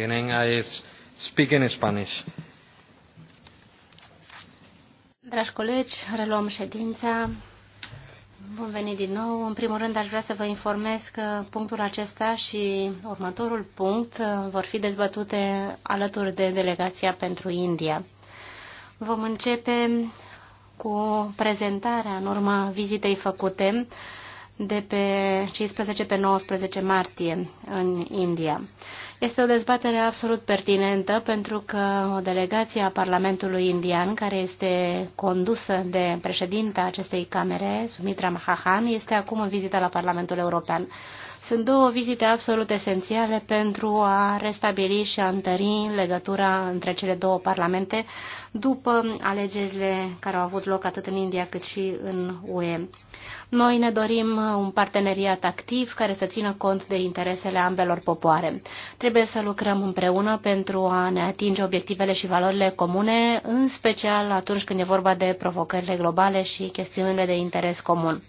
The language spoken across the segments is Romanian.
beginning I speak in Spanish. Dragi colegi, reluăm ședința. Bun venit din nou. În primul rând aș vrea să vă informez că punctul acesta și următorul punct uh, vor fi dezbătute alături de delegația pentru India. Vom începe cu prezentarea în urma vizitei făcute de pe 15 pe 19 martie în India. Este o dezbatere absolut pertinentă pentru că o delegație a Parlamentului Indian, care este condusă de președinta acestei camere, Sumitra Mahahan, este acum în vizită la Parlamentul European. Sunt două vizite absolut esențiale pentru a restabili și a întări legătura între cele două parlamente după alegerile care au avut loc atât în India cât și în UE. Noi ne dorim un parteneriat activ care să țină cont de interesele ambelor popoare. Trebuie să lucrăm împreună pentru a ne atinge obiectivele și valorile comune, în special atunci când e vorba de provocările globale și chestiunile de interes comun.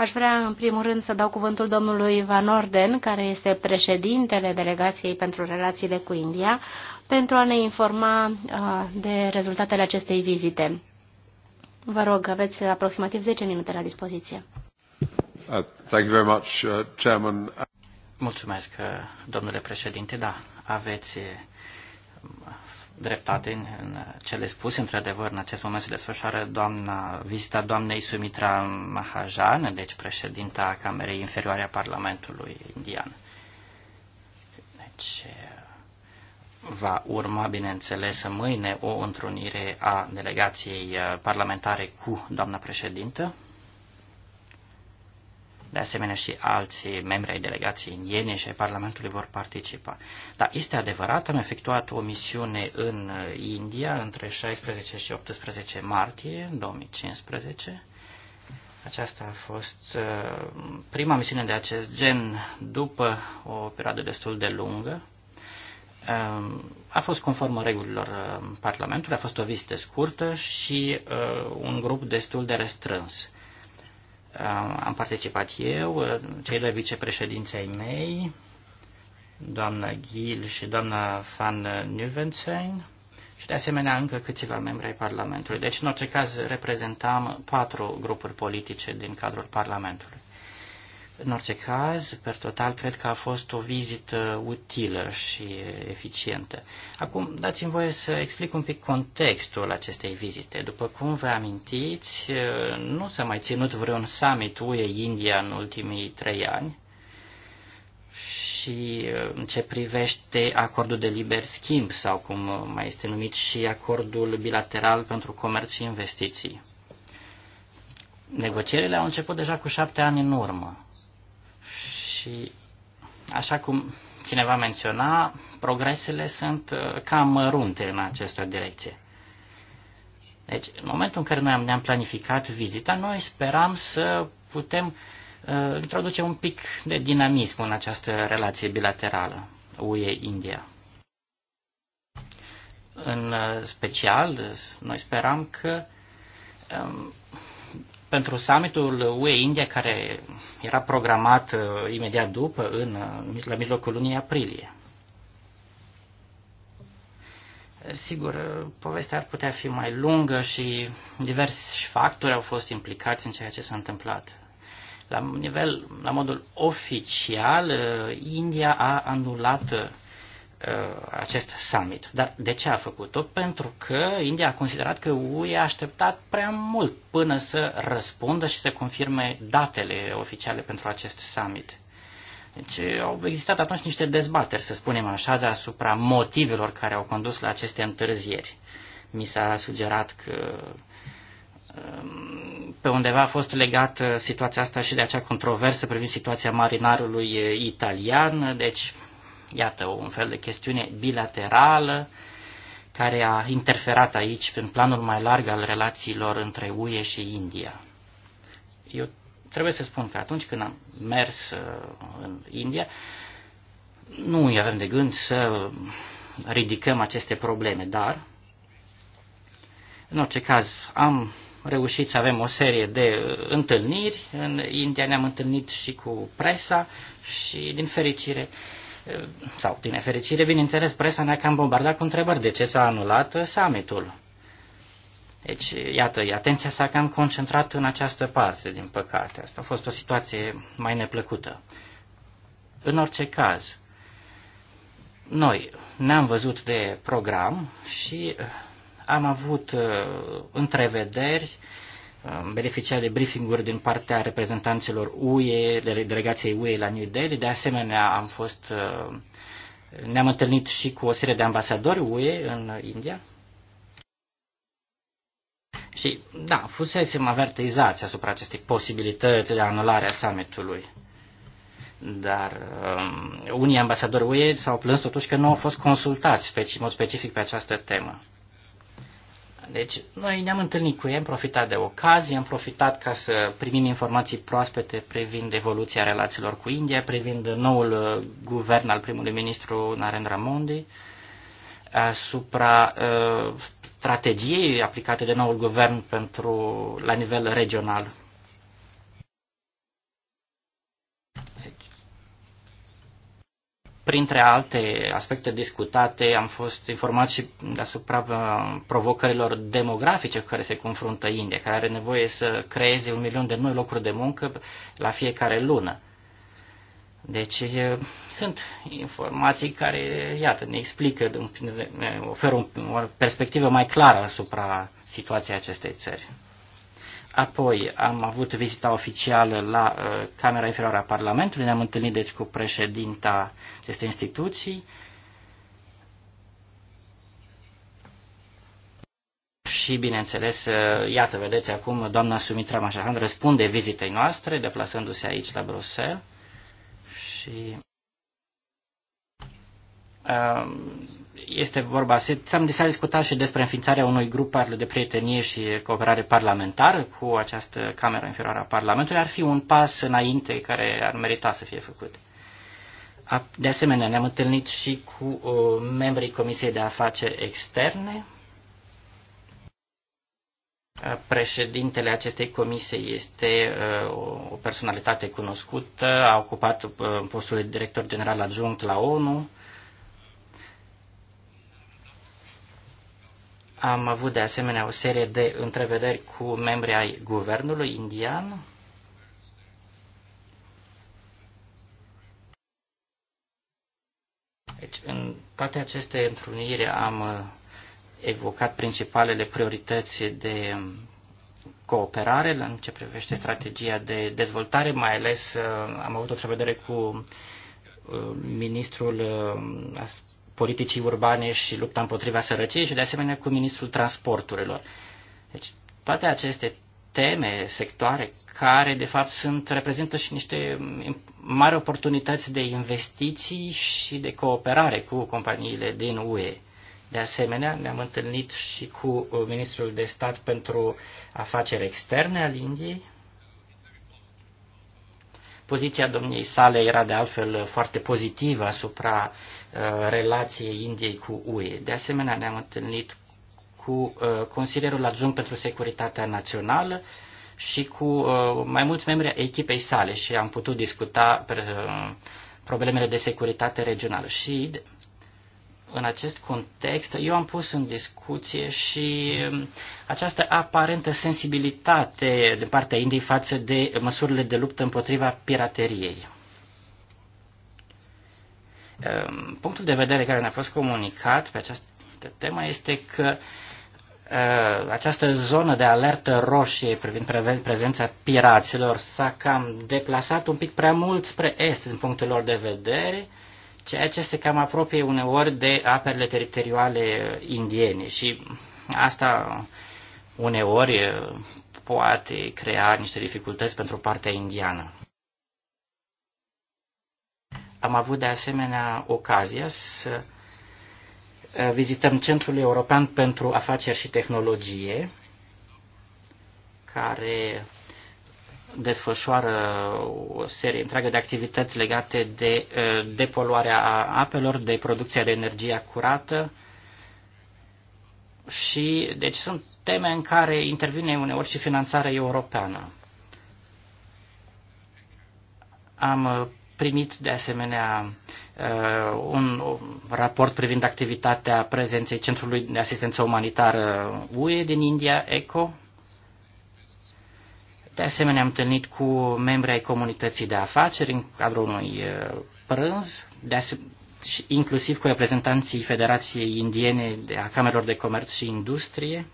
Aș vrea, în primul rând, să dau cuvântul domnului Van Orden, care este președintele Delegației pentru Relațiile cu India, pentru a ne informa uh, de rezultatele acestei vizite. Vă rog, aveți aproximativ 10 minute la dispoziție. Uh, thank you very much, uh, Chairman. Mulțumesc, domnule președinte. Da, aveți dreptate în, în cele spuse. Într-adevăr, în acest moment se desfășoară doamna, vizita doamnei Sumitra Mahajan, deci președinta Camerei Inferioare a Parlamentului Indian. Deci va urma, bineînțeles, mâine o întrunire a delegației eh, parlamentare cu doamna președintă de asemenea și alții membri ai delegației indiene și ai Parlamentului vor participa. Dar este adevărat, am efectuat o misiune în India între 16 și 18 martie 2015. Aceasta a fost uh, prima misiune de acest gen după o perioadă destul de lungă. Um, a fost conform regulilor uh, Parlamentului, a fost o vizită scurtă și uh, un grup destul de restrâns am participat eu, cei doi vicepreședinței mei, doamna Gil și doamna Van Nuvensen și de asemenea încă câțiva membri ai Parlamentului. Deci, în orice caz, reprezentam patru grupuri politice din cadrul Parlamentului. În orice caz, per total, cred că a fost o vizită utilă și eficientă. Acum, dați-mi voie să explic un pic contextul acestei vizite. După cum vă amintiți, nu s-a mai ținut vreun summit UE-India în ultimii trei ani și în ce privește acordul de liber schimb sau cum mai este numit și acordul bilateral pentru comerț și investiții. Negocierile au început deja cu șapte ani în urmă și așa cum cineva menționa, progresele sunt uh, cam mărunte în această direcție. Deci, în momentul în care noi ne-am planificat vizita, noi speram să putem uh, introduce un pic de dinamism în această relație bilaterală UE-India. În uh, special, uh, noi speram că um, pentru summitul UE-India, care era programat uh, imediat după, în, uh, la mijlocul lunii aprilie. Sigur, uh, povestea ar putea fi mai lungă și diversi factori au fost implicați în ceea ce s-a întâmplat. La nivel, la modul oficial, India a anulat Uh, acest summit. Dar de ce a făcut-o? Pentru că India a considerat că UE a așteptat prea mult până să răspundă și să confirme datele oficiale pentru acest summit. Deci au existat atunci niște dezbateri, să spunem așa, deasupra motivelor care au condus la aceste întârzieri. Mi s-a sugerat că um, pe undeva a fost legată situația asta și de acea controversă privind situația marinarului italian, deci Iată, un fel de chestiune bilaterală care a interferat aici în planul mai larg al relațiilor între UE și India. Eu trebuie să spun că atunci când am mers uh, în India, nu avem de gând să ridicăm aceste probleme, dar, în orice caz, am reușit să avem o serie de uh, întâlniri. În India ne-am întâlnit și cu presa și, din fericire, uh, sau din nefericire, bineînțeles, presa ne-a cam bombardat cu întrebări de ce s-a anulat uh, summitul. Deci, iată, atenția s-a cam concentrat în această parte, din păcate. Asta a fost o situație mai neplăcută. În orice caz, noi ne-am văzut de program și uh, am avut uh, întrevederi uh, beneficia de de briefinguri din partea reprezentanților UE, delegației UE la New Delhi. De asemenea, am fost, uh, ne-am întâlnit și cu o serie de ambasadori UE în India. Și, da, fusesem avertizați asupra acestei posibilități de anulare a summitului. Dar um, unii ambasadori UE s-au plâns totuși că nu au fost consultați în mod specific pe această temă. Deci noi ne-am întâlnit cu ei, am profitat de ocazie, am profitat ca să primim informații proaspete privind evoluția relațiilor cu India, privind noul uh, guvern al primului ministru Narendra Modi, asupra uh, strategiei aplicate de noul guvern pentru, la nivel regional Printre alte aspecte discutate, am fost informat și asupra provocărilor demografice cu care se confruntă India, care are nevoie să creeze un milion de noi locuri de muncă la fiecare lună. Deci sunt informații care, iată, ne explică, oferă o perspectivă mai clară asupra situației acestei țări. Apoi am avut vizita oficială la uh, Camera Inferioară a Parlamentului, ne-am întâlnit deci cu președinta acestei instituții. Și, bineînțeles, uh, iată, vedeți acum, doamna Sumitra Mașahan răspunde vizitei noastre, deplasându-se aici la Bruxelles. Și uh, este vorba, s-a discutat și despre înființarea unui grup de prietenie și cooperare parlamentară cu această cameră inferioară a Parlamentului. Ar fi un pas înainte care ar merita să fie făcut. De asemenea, ne-am întâlnit și cu uh, membrii Comisiei de Afaceri Externe. Uh, președintele acestei comisii este uh, o personalitate cunoscută, a ocupat postul de director general adjunct la ONU Am avut de asemenea o serie de întrevederi cu membrii ai guvernului indian. Deci, în toate aceste întruniri am uh, evocat principalele priorități de um, cooperare în ce privește strategia de dezvoltare, mai ales uh, am avut o întrevedere cu uh, ministrul politicii urbane și lupta împotriva sărăciei și de asemenea cu ministrul transporturilor. Deci toate aceste teme, sectoare, care de fapt sunt, reprezintă și niște mm, mari oportunități de investiții și de cooperare cu companiile din UE. De asemenea, ne-am întâlnit și cu uh, ministrul de stat pentru afaceri externe al Indiei, Poziția domniei sale era de altfel uh, foarte pozitivă asupra uh, relației Indiei cu UE. De asemenea, ne-am întâlnit cu uh, consilierul adjunct pentru securitatea națională și cu uh, mai mulți membri echipei sale și am putut discuta uh, problemele de securitate regională. Și în acest context, eu am pus în discuție și um, această aparentă sensibilitate din partea Indiei față de măsurile de luptă împotriva pirateriei. Um, punctul de vedere care ne-a fost comunicat pe această temă este că uh, această zonă de alertă roșie privind prezența piraților s-a cam deplasat un pic prea mult spre est din punctul lor de vedere, ceea ce se cam apropie uneori de apele teritoriale uh, indiene și asta uneori uh, poate crea niște dificultăți pentru partea indiană. Am avut de asemenea ocazia să uh, vizităm Centrul European pentru Afaceri și Tehnologie, care desfășoară o serie întreagă de activități legate de uh, depoluarea apelor, de producția de energie curată și deci sunt teme în care intervine uneori și finanțarea europeană. Am uh, primit de asemenea uh, un raport privind activitatea prezenței Centrului de Asistență Umanitară UE din India, ECO, de asemenea, am întâlnit cu membri ai comunității de afaceri în cadrul unui uh, prânz, de asemenea, inclusiv cu reprezentanții Federației Indiene a Camerelor de Comerț și Industrie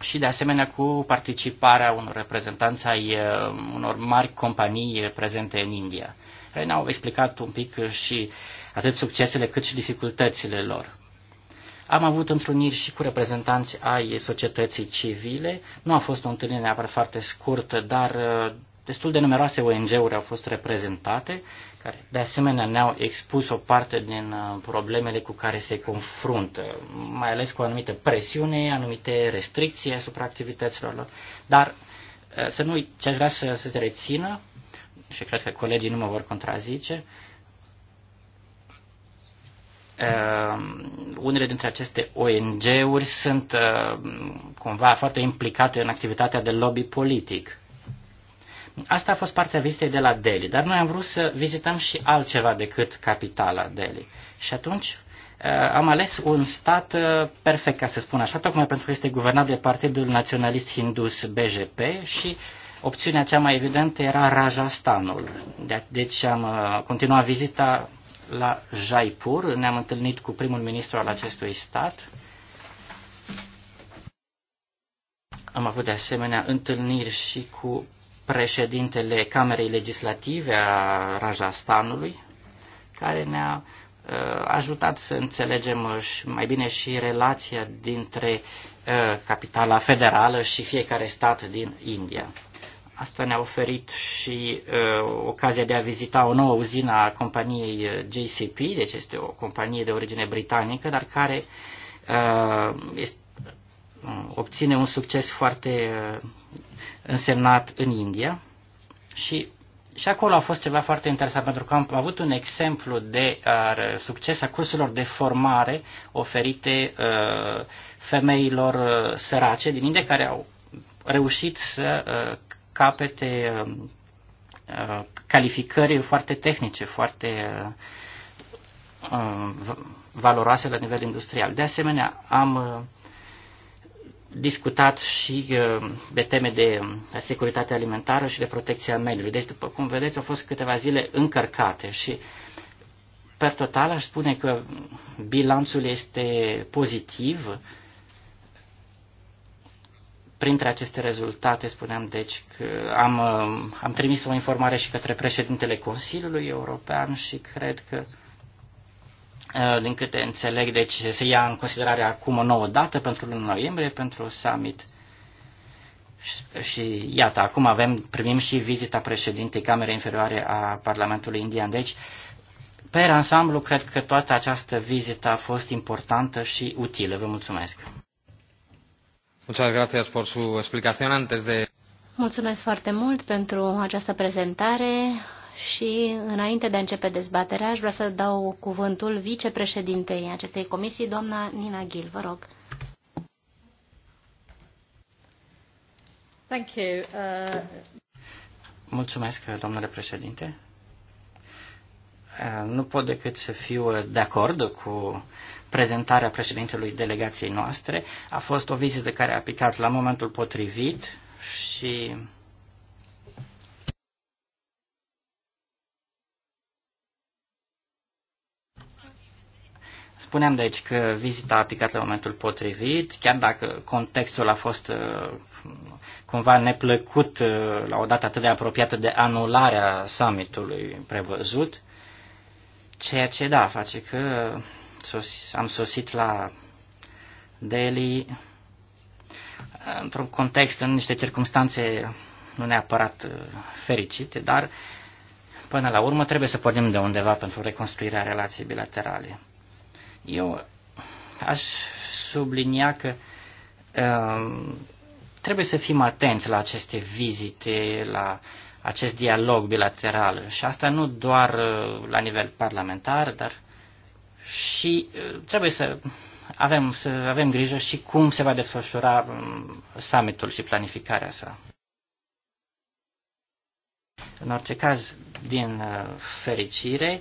și de asemenea cu participarea unor reprezentanți ai uh, unor mari companii uh, prezente în India, Ei ne-au explicat un pic și atât succesele cât și dificultățile lor. Am avut întruniri și cu reprezentanți ai societății civile. Nu a fost o întâlnire neapărat foarte scurtă, dar uh, destul de numeroase ONG-uri au fost reprezentate, care de asemenea ne-au expus o parte din uh, problemele cu care se confruntă, mai ales cu anumite presiune, anumite restricții asupra activităților lor. Dar uh, să nu ce aș vrea să, să se rețină, și cred că colegii nu mă vor contrazice, Uh, unele dintre aceste ONG-uri sunt uh, cumva foarte implicate în activitatea de lobby politic. Asta a fost partea vizitei de la Delhi, dar noi am vrut să vizităm și altceva decât capitala Delhi. Și atunci uh, am ales un stat uh, perfect, ca să spun așa, tocmai pentru că este guvernat de Partidul Naționalist Hindus BJP și opțiunea cea mai evidentă era Rajasthanul. De deci am uh, continuat vizita la Jaipur. Ne-am întâlnit cu primul ministru al acestui stat. Am avut de asemenea întâlniri și cu președintele Camerei Legislative a Rajasthanului, care ne-a uh, ajutat să înțelegem mai bine și relația dintre uh, capitala federală și fiecare stat din India. Asta ne-a oferit și uh, ocazia de a vizita o nouă uzină a companiei uh, JCP, deci este o companie de origine britanică, dar care uh, este, uh, obține un succes foarte uh, însemnat în India. Și, și acolo a fost ceva foarte interesant, pentru că am avut un exemplu de uh, succes a cursurilor de formare oferite uh, femeilor uh, sărace din India care au reușit să uh, capete um, uh, calificări foarte tehnice, foarte uh, valoroase la nivel industrial. De asemenea, am uh, discutat și de teme de um, securitate alimentară și de protecția mediului. Deci, după cum vedeți, au fost câteva zile încărcate și, per total, aș spune că bilanțul este pozitiv Printre aceste rezultate, spuneam, deci, că am, uh, am trimis o informare și către președintele Consiliului European și cred că, uh, din câte înțeleg, deci se ia în considerare acum o nouă dată pentru luna noiembrie, pentru summit. Și, și iată, acum avem, primim și vizita președintei Camerei Inferioare a Parlamentului Indian. Deci, pe ansamblu, cred că toată această vizită a fost importantă și utilă. Vă mulțumesc! Mulțumesc foarte mult pentru această prezentare și înainte de a începe dezbaterea aș vrea să dau cuvântul vicepreședintei acestei comisii, doamna Nina Gil. Vă rog. Thank you. Uh... Mulțumesc, domnule președinte. Uh, nu pot decât să fiu de acord cu prezentarea președintelui delegației noastre. A fost o vizită care a picat la momentul potrivit și Spuneam deci că vizita a picat la momentul potrivit, chiar dacă contextul a fost uh, cumva neplăcut uh, la o dată atât de apropiată de anularea summitului prevăzut, ceea ce da, face că sos, am sosit la Delhi într-un context, în niște circunstanțe nu neapărat uh, fericite, dar până la urmă trebuie să pornim de undeva pentru reconstruirea relației bilaterale. Eu aș sublinia că um, trebuie să fim atenți la aceste vizite, la acest dialog bilateral și asta nu doar uh, la nivel parlamentar, dar și trebuie să avem, să avem grijă și cum se va desfășura summitul și planificarea sa. În orice caz, din fericire,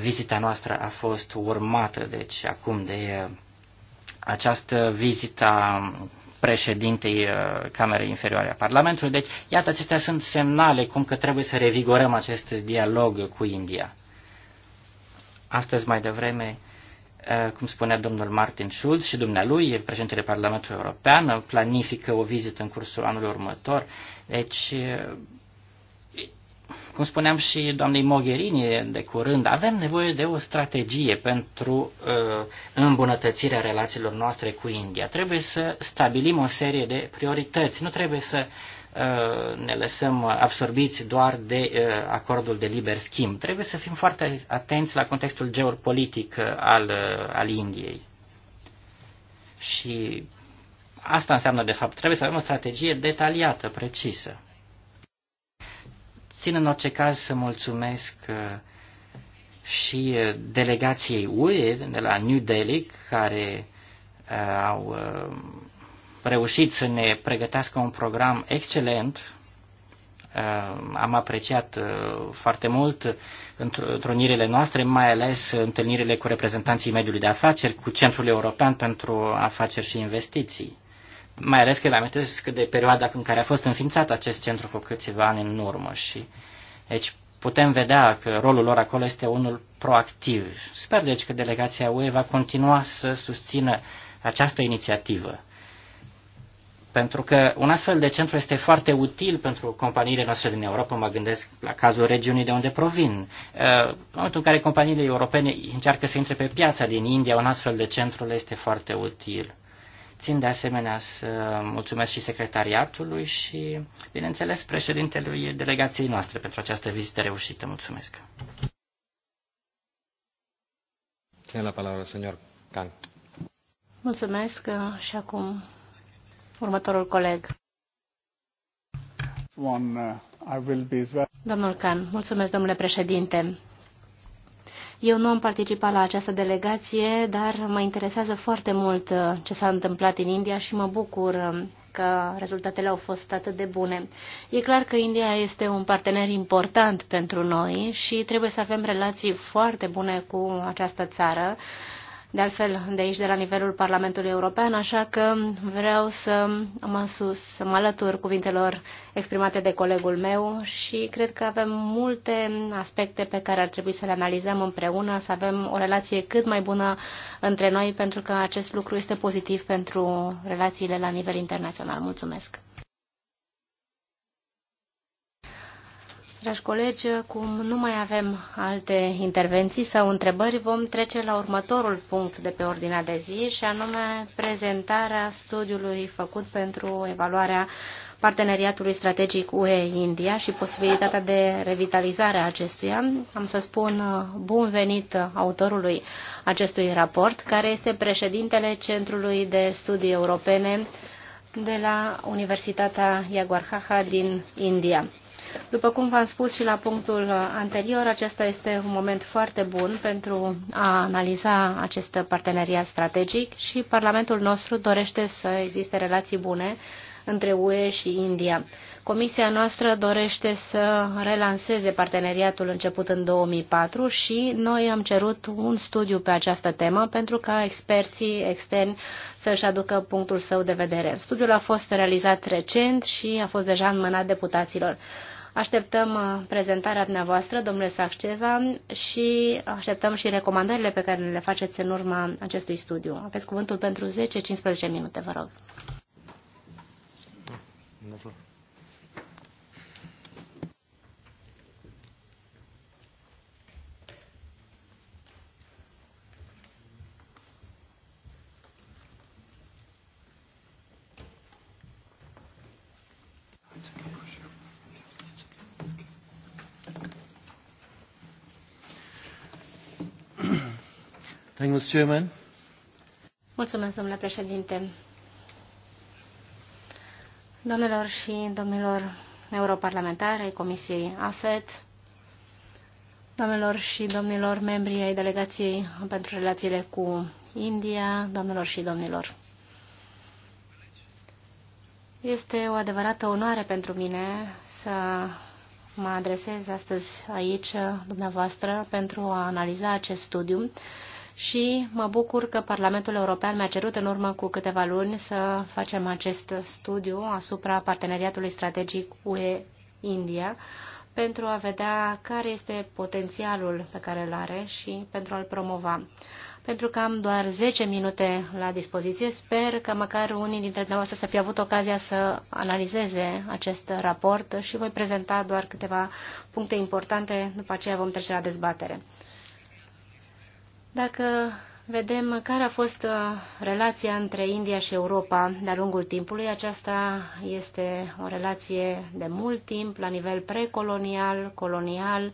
vizita noastră a fost urmată, deci acum de această a președintei Camerei Inferioare a Parlamentului. Deci, iată, acestea sunt semnale cum că trebuie să revigorăm acest dialog cu India astăzi mai devreme, uh, cum spunea domnul Martin Schulz și dumnealui, președintele Parlamentului European, planifică o vizită în cursul anului următor. Deci, uh, cum spuneam și doamnei Mogherini de curând, avem nevoie de o strategie pentru uh, îmbunătățirea relațiilor noastre cu India. Trebuie să stabilim o serie de priorități. Nu trebuie să uh, Uh, ne lăsăm absorbiți doar de uh, acordul de liber schimb. Trebuie să fim foarte atenți la contextul geopolitic uh, al, al Indiei. Și asta înseamnă, de fapt, trebuie să avem o strategie detaliată, precisă. Țin în orice caz să mulțumesc și delegației UE de la New Delhi, care au reușit să ne pregătească un program excelent. Uh, am apreciat uh, foarte mult întrunirile noastre, mai ales întâlnirile cu reprezentanții mediului de afaceri, cu Centrul European pentru Afaceri și Investiții. Mai ales că îmi amintesc de perioada în care a fost înființat acest centru cu câțiva ani în urmă și deci putem vedea că rolul lor acolo este unul proactiv. Sper deci că delegația UE va continua să susțină această inițiativă pentru că un astfel de centru este foarte util pentru companiile noastre din Europa, mă gândesc la cazul regiunii de unde provin. Uh, în momentul în care companiile europene încearcă să intre pe piața din India, un astfel de centru le este foarte util. Țin de asemenea să mulțumesc și secretariatului și, bineînțeles, președintelui delegației noastre pentru această vizită reușită. Mulțumesc. Ține la palabra, senior Can. Mulțumesc uh, și acum Următorul coleg. Uh, Domnul Can, mulțumesc, domnule președinte. Eu nu am participat la această delegație, dar mă interesează foarte mult uh, ce s-a întâmplat în India și mă bucur um, că rezultatele au fost atât de bune. E clar că India este un partener important pentru noi și trebuie să avem relații foarte bune cu această țară de altfel de aici, de la nivelul Parlamentului European, așa că vreau să mă, sus, să mă alătur cuvintelor exprimate de colegul meu și cred că avem multe aspecte pe care ar trebui să le analizăm împreună, să avem o relație cât mai bună între noi, pentru că acest lucru este pozitiv pentru relațiile la nivel internațional. Mulțumesc! Dragi colegi, cum nu mai avem alte intervenții sau întrebări, vom trece la următorul punct de pe ordinea de zi, și anume prezentarea studiului făcut pentru evaluarea parteneriatului strategic UE-India și posibilitatea de revitalizare a acestuia. Am să spun uh, bun venit autorului acestui raport, care este președintele Centrului de Studii Europene de la Universitatea Jaguar din India. După cum v-am spus și la punctul anterior, acesta este un moment foarte bun pentru a analiza acest parteneriat strategic și Parlamentul nostru dorește să existe relații bune între UE și India. Comisia noastră dorește să relanseze parteneriatul început în 2004 și noi am cerut un studiu pe această temă pentru ca experții externi să-și aducă punctul său de vedere. Studiul a fost realizat recent și a fost deja în mâna deputaților. Așteptăm prezentarea dumneavoastră, domnule Sacceva, și așteptăm și recomandările pe care le faceți în urma acestui studiu. Aveți cuvântul pentru 10-15 minute, vă rog. Mulțumesc, domnule președinte. Domnilor și domnilor europarlamentare Comisiei AFET, domnilor și domnilor membri ai Delegației pentru Relațiile cu India, domnilor și domnilor. Este o adevărată onoare pentru mine să mă adresez astăzi aici dumneavoastră pentru a analiza acest studiu și mă bucur că Parlamentul European mi-a cerut în urmă cu câteva luni să facem acest studiu asupra parteneriatului strategic UE-India pentru a vedea care este potențialul pe care îl are și pentru a-l promova. Pentru că am doar 10 minute la dispoziție, sper că măcar unii dintre dumneavoastră să fi avut ocazia să analizeze acest raport și voi prezenta doar câteva puncte importante, după aceea vom trece la dezbatere. Dacă vedem care a fost uh, relația între India și Europa de-a lungul timpului, aceasta este o relație de mult timp la nivel precolonial, colonial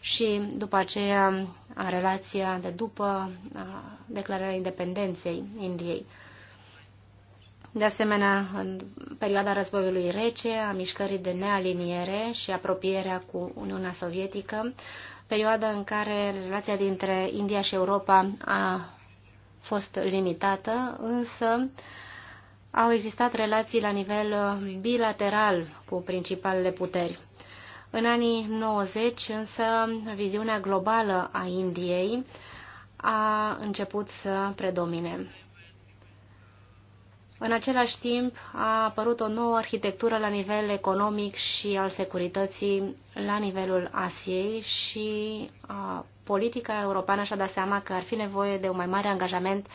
și după aceea relația de după declararea independenței Indiei. De asemenea, în perioada războiului rece, a mișcării de nealiniere și apropierea cu Uniunea Sovietică, perioada în care relația dintre India și Europa a fost limitată, însă au existat relații la nivel uh, bilateral cu principalele puteri. În anii 90, însă, viziunea globală a Indiei a început să predomine. În același timp a apărut o nouă arhitectură la nivel economic și al securității la nivelul Asiei și a, politica europeană și-a dat seama că ar fi nevoie de un mai mare angajament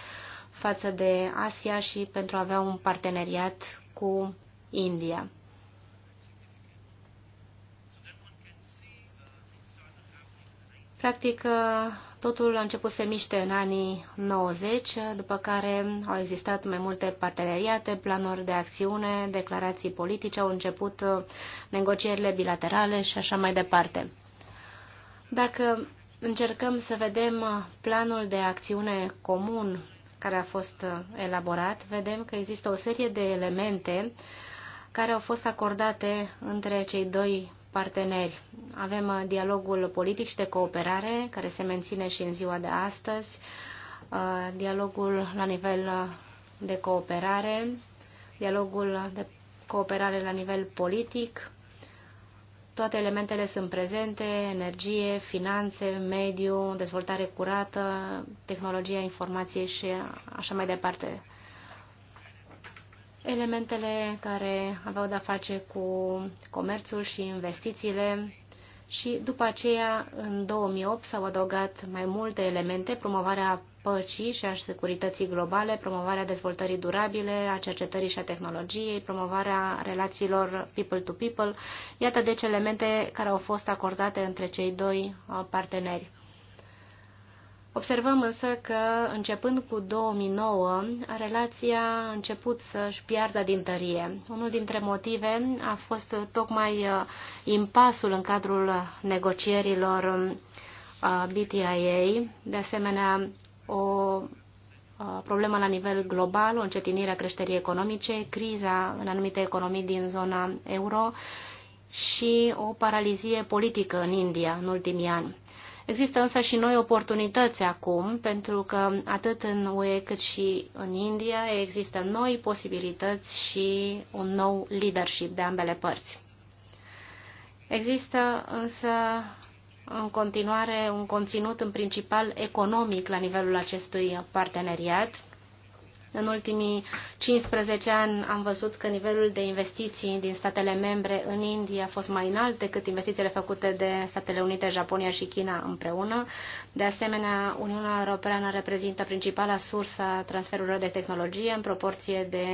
față de Asia și pentru a avea un parteneriat cu India. Practic, Totul a început să miște în anii 90, după care au existat mai multe parteneriate, planuri de acțiune, declarații politice, au început uh, negocierile bilaterale și așa mai departe. Dacă încercăm să vedem uh, planul de acțiune comun care a fost uh, elaborat, vedem că există o serie de elemente care au fost acordate între cei doi parteneri. Avem uh, dialogul politic și de cooperare, care se menține și în ziua de astăzi, uh, dialogul la nivel uh, de cooperare, dialogul de cooperare la nivel politic. Toate elementele sunt prezente, energie, finanțe, mediu, dezvoltare curată, tehnologia informației și așa mai departe elementele care aveau de-a face cu comerțul și investițiile și după aceea, în 2008, s-au adăugat mai multe elemente, promovarea păcii și a securității globale, promovarea dezvoltării durabile, a cercetării și a tehnologiei, promovarea relațiilor people-to-people. -people. Iată deci elemente care au fost acordate între cei doi uh, parteneri. Observăm însă că, începând cu 2009, relația a început să-și piardă din tărie. Unul dintre motive a fost tocmai uh, impasul în cadrul negocierilor uh, BTIA, de asemenea o uh, problemă la nivel global, o încetinire a creșterii economice, criza în anumite economii din zona euro și o paralizie politică în India în ultimii ani. Există însă și noi oportunități acum, pentru că atât în UE cât și în India există noi posibilități și un nou leadership de ambele părți. Există însă în continuare un conținut în principal economic la nivelul acestui parteneriat în ultimii 15 ani am văzut că nivelul de investiții din statele membre în India a fost mai înalt decât investițiile făcute de Statele Unite, Japonia și China împreună. De asemenea, Uniunea Europeană reprezintă principala sursă a transferurilor de tehnologie în proporție de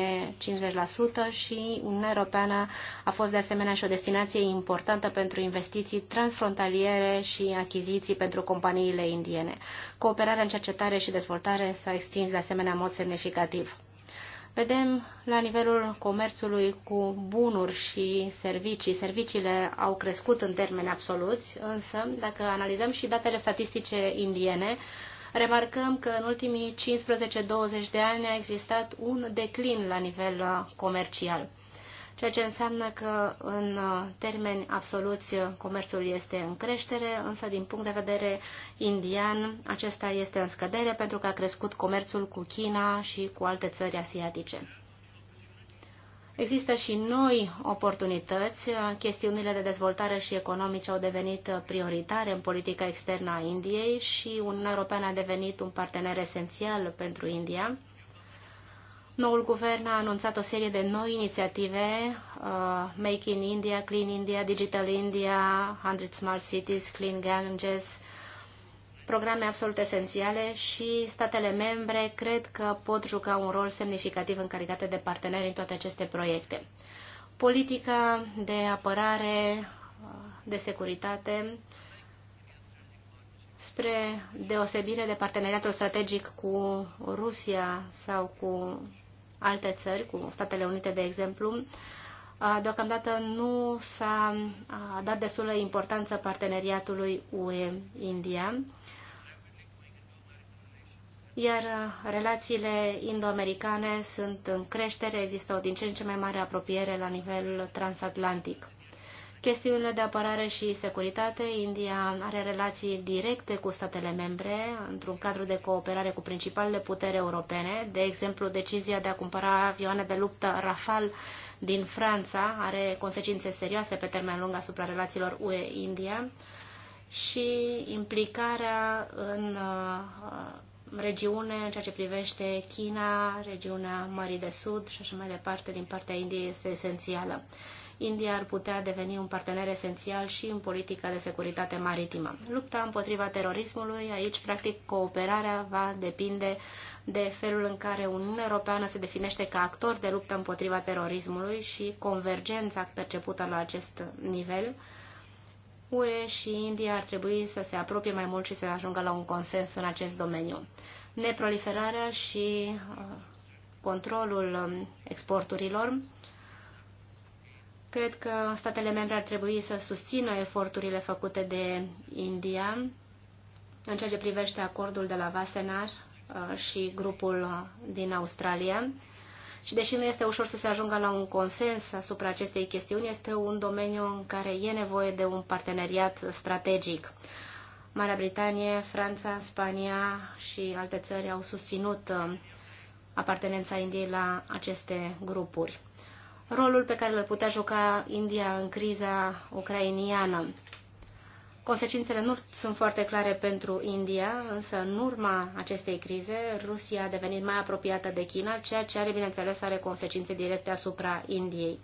50% și Uniunea Europeană a fost de asemenea și o destinație importantă pentru investiții transfrontaliere și achiziții pentru companiile indiene. Cooperarea în cercetare și dezvoltare s-a extins de asemenea în mod semnificativ negativ. Vedem la nivelul comerțului cu bunuri și servicii. Serviciile au crescut în termeni absoluți, însă dacă analizăm și datele statistice indiene, remarcăm că în ultimii 15-20 de ani a existat un declin la nivel comercial ceea ce înseamnă că în uh, termeni absoluți uh, comerțul este în creștere, însă din punct de vedere indian acesta este în scădere pentru că a crescut comerțul cu China și cu alte țări asiatice. Există și noi oportunități. Uh, chestiunile de dezvoltare și economice au devenit prioritare în politica externă a Indiei și Uniunea Europeană a devenit un partener esențial pentru India Noul guvern a anunțat o serie de noi inițiative, uh, Make in India, Clean India, Digital India, 100 Smart Cities, Clean Ganges, programe absolut esențiale și statele membre cred că pot juca un rol semnificativ în calitate de parteneri în toate aceste proiecte. Politica de apărare, uh, de securitate, spre deosebire de parteneriatul strategic cu Rusia sau cu alte țări, cu Statele Unite, de exemplu, deocamdată nu s-a dat destulă importanță parteneriatului UE-India, iar relațiile indoamericane sunt în creștere, există o din ce în ce mai mare apropiere la nivel transatlantic chestiunile de apărare și securitate. India are relații directe cu statele membre într-un cadru de cooperare cu principalele puteri europene. De exemplu, decizia de a cumpăra avioane de luptă Rafale din Franța are consecințe serioase pe termen lung asupra relațiilor UE-India și implicarea în uh, regiune în ceea ce privește China, regiunea Mării de Sud și așa mai departe din partea Indiei este esențială. India ar putea deveni un partener esențial și în politica de securitate maritimă. Lupta împotriva terorismului, aici, practic, cooperarea va depinde de felul în care Uniunea Europeană se definește ca actor de luptă împotriva terorismului și convergența percepută la acest nivel. UE și India ar trebui să se apropie mai mult și să ajungă la un consens în acest domeniu. Neproliferarea și uh, controlul um, exporturilor Cred că statele membre ar trebui să susțină eforturile făcute de India în ceea ce privește acordul de la Vasenar uh, și grupul uh, din Australia. Și deși nu este ușor să se ajungă la un consens asupra acestei chestiuni, este un domeniu în care e nevoie de un parteneriat strategic. Marea Britanie, Franța, Spania și alte țări au susținut uh, apartenența Indiei la aceste grupuri rolul pe care l-ar putea juca India în criza ucrainiană. Consecințele nu sunt foarte clare pentru India, însă în urma acestei crize, Rusia a devenit mai apropiată de China, ceea ce are, bineînțeles, are consecințe directe asupra Indiei.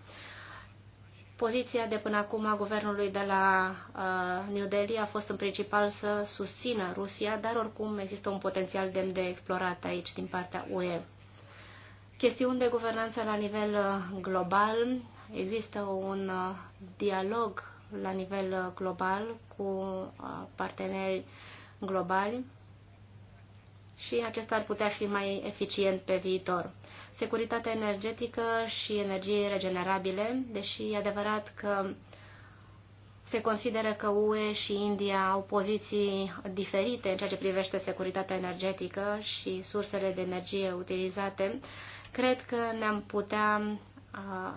Poziția de până acum a guvernului de la uh, New Delhi a fost în principal să susțină Rusia, dar oricum există un potențial demn de explorat aici din partea UE chestiuni de guvernanță la nivel uh, global. Există un uh, dialog la nivel uh, global cu parteneri globali și acesta ar putea fi mai eficient pe viitor. Securitatea energetică și energie regenerabile, deși e adevărat că se consideră că UE și India au poziții diferite în ceea ce privește securitatea energetică și sursele de energie utilizate, Cred că ne-am putea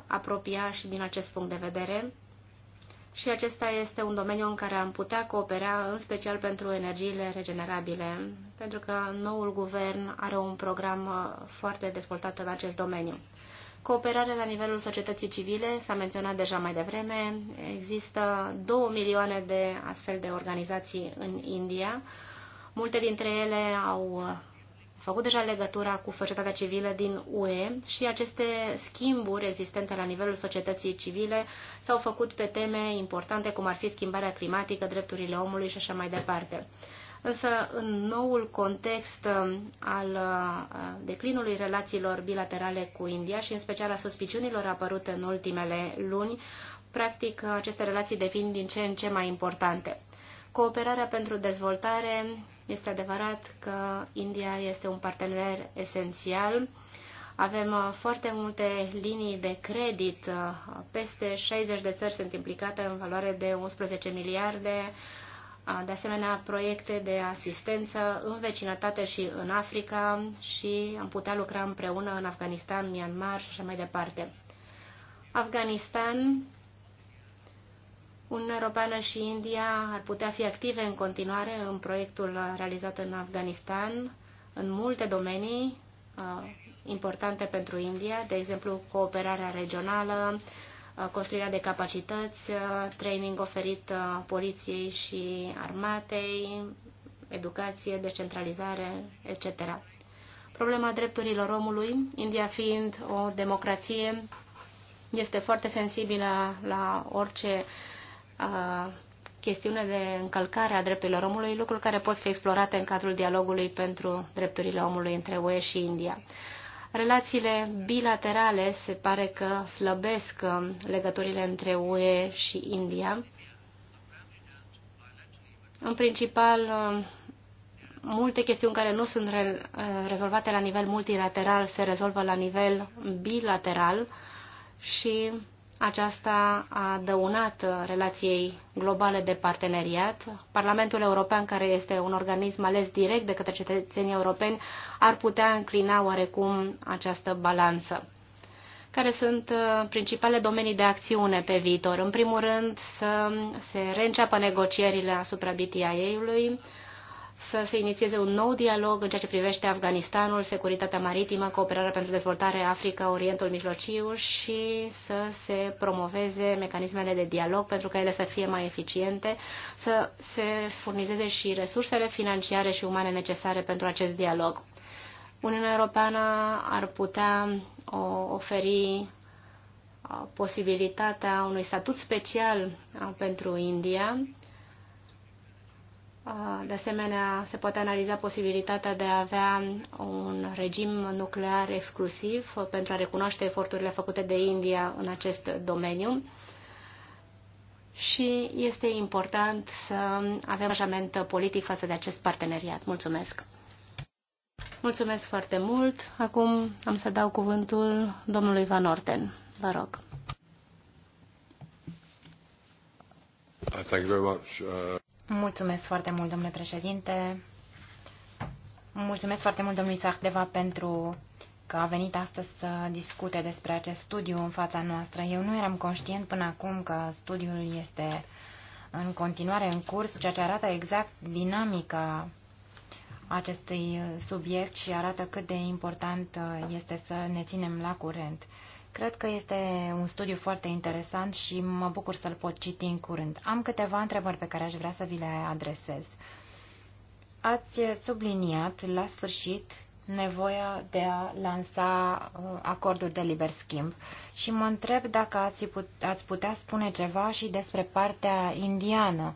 apropia și din acest punct de vedere și acesta este un domeniu în care am putea coopera, în special pentru energiile regenerabile, pentru că noul guvern are un program foarte dezvoltat în acest domeniu. Cooperarea la nivelul societății civile, s-a menționat deja mai devreme, există 2 milioane de astfel de organizații în India. Multe dintre ele au făcut deja legătura cu societatea civilă din UE și aceste schimburi existente la nivelul societății civile s-au făcut pe teme importante cum ar fi schimbarea climatică, drepturile omului și așa mai departe. Însă, în noul context uh, al uh, declinului relațiilor bilaterale cu India și în special a suspiciunilor apărute în ultimele luni, practic uh, aceste relații devin din ce în ce mai importante. Cooperarea pentru dezvoltare este adevărat că India este un partener esențial. Avem uh, foarte multe linii de credit. Uh, peste 60 de țări sunt implicate în valoare de 11 miliarde. Uh, de asemenea, proiecte de asistență în vecinătate și în Africa și am putea lucra împreună în Afganistan, Myanmar și așa mai departe. Afganistan Uniunea Europeană și India ar putea fi active în continuare în proiectul realizat în Afganistan, în multe domenii uh, importante pentru India, de exemplu cooperarea regională, uh, construirea de capacități, uh, training oferit poliției și armatei, educație, decentralizare, etc. Problema drepturilor omului, India fiind o democrație, este foarte sensibilă la orice uh, chestiune de încălcare a drepturilor omului, lucruri care pot fi explorate în cadrul dialogului pentru drepturile omului între UE și India. Relațiile bilaterale se pare că slăbesc um, legăturile între UE și India. În principal, um, multe chestiuni care nu sunt uh, rezolvate la nivel multilateral se rezolvă la nivel bilateral și aceasta a dăunat relației globale de parteneriat. Parlamentul European, care este un organism ales direct de către cetățenii europeni, ar putea înclina oarecum această balanță. Care sunt uh, principale domenii de acțiune pe viitor? În primul rând, să se reînceapă negocierile asupra BTIA-ului, să se inițieze un nou dialog în ceea ce privește Afganistanul, securitatea maritimă, cooperarea pentru dezvoltare Africa, Orientul Mijlociu și să se promoveze mecanismele de dialog pentru ca ele să fie mai eficiente, să se furnizeze și resursele financiare și umane necesare pentru acest dialog. Uniunea Europeană ar putea oferi posibilitatea unui statut special pentru India de asemenea, se poate analiza posibilitatea de a avea un regim nuclear exclusiv pentru a recunoaște eforturile făcute de India în acest domeniu. Și este important să avem angajament politic față de acest parteneriat. Mulțumesc! Mulțumesc foarte mult. Acum am să dau cuvântul domnului Van Orten. Vă rog. Uh, thank you very much. Uh... Mulțumesc foarte mult, domnule președinte. Mulțumesc foarte mult, domnului Sahdeva, pentru că a venit astăzi să discute despre acest studiu în fața noastră. Eu nu eram conștient până acum că studiul este în continuare în curs, ceea ce arată exact dinamica acestui subiect și arată cât de important este să ne ținem la curent. Cred că este un studiu foarte interesant și mă bucur să-l pot citi în curând. Am câteva întrebări pe care aș vrea să vi le adresez. Ați subliniat la sfârșit nevoia de a lansa uh, acorduri de liber schimb și mă întreb dacă ați, putea spune ceva și despre partea indiană,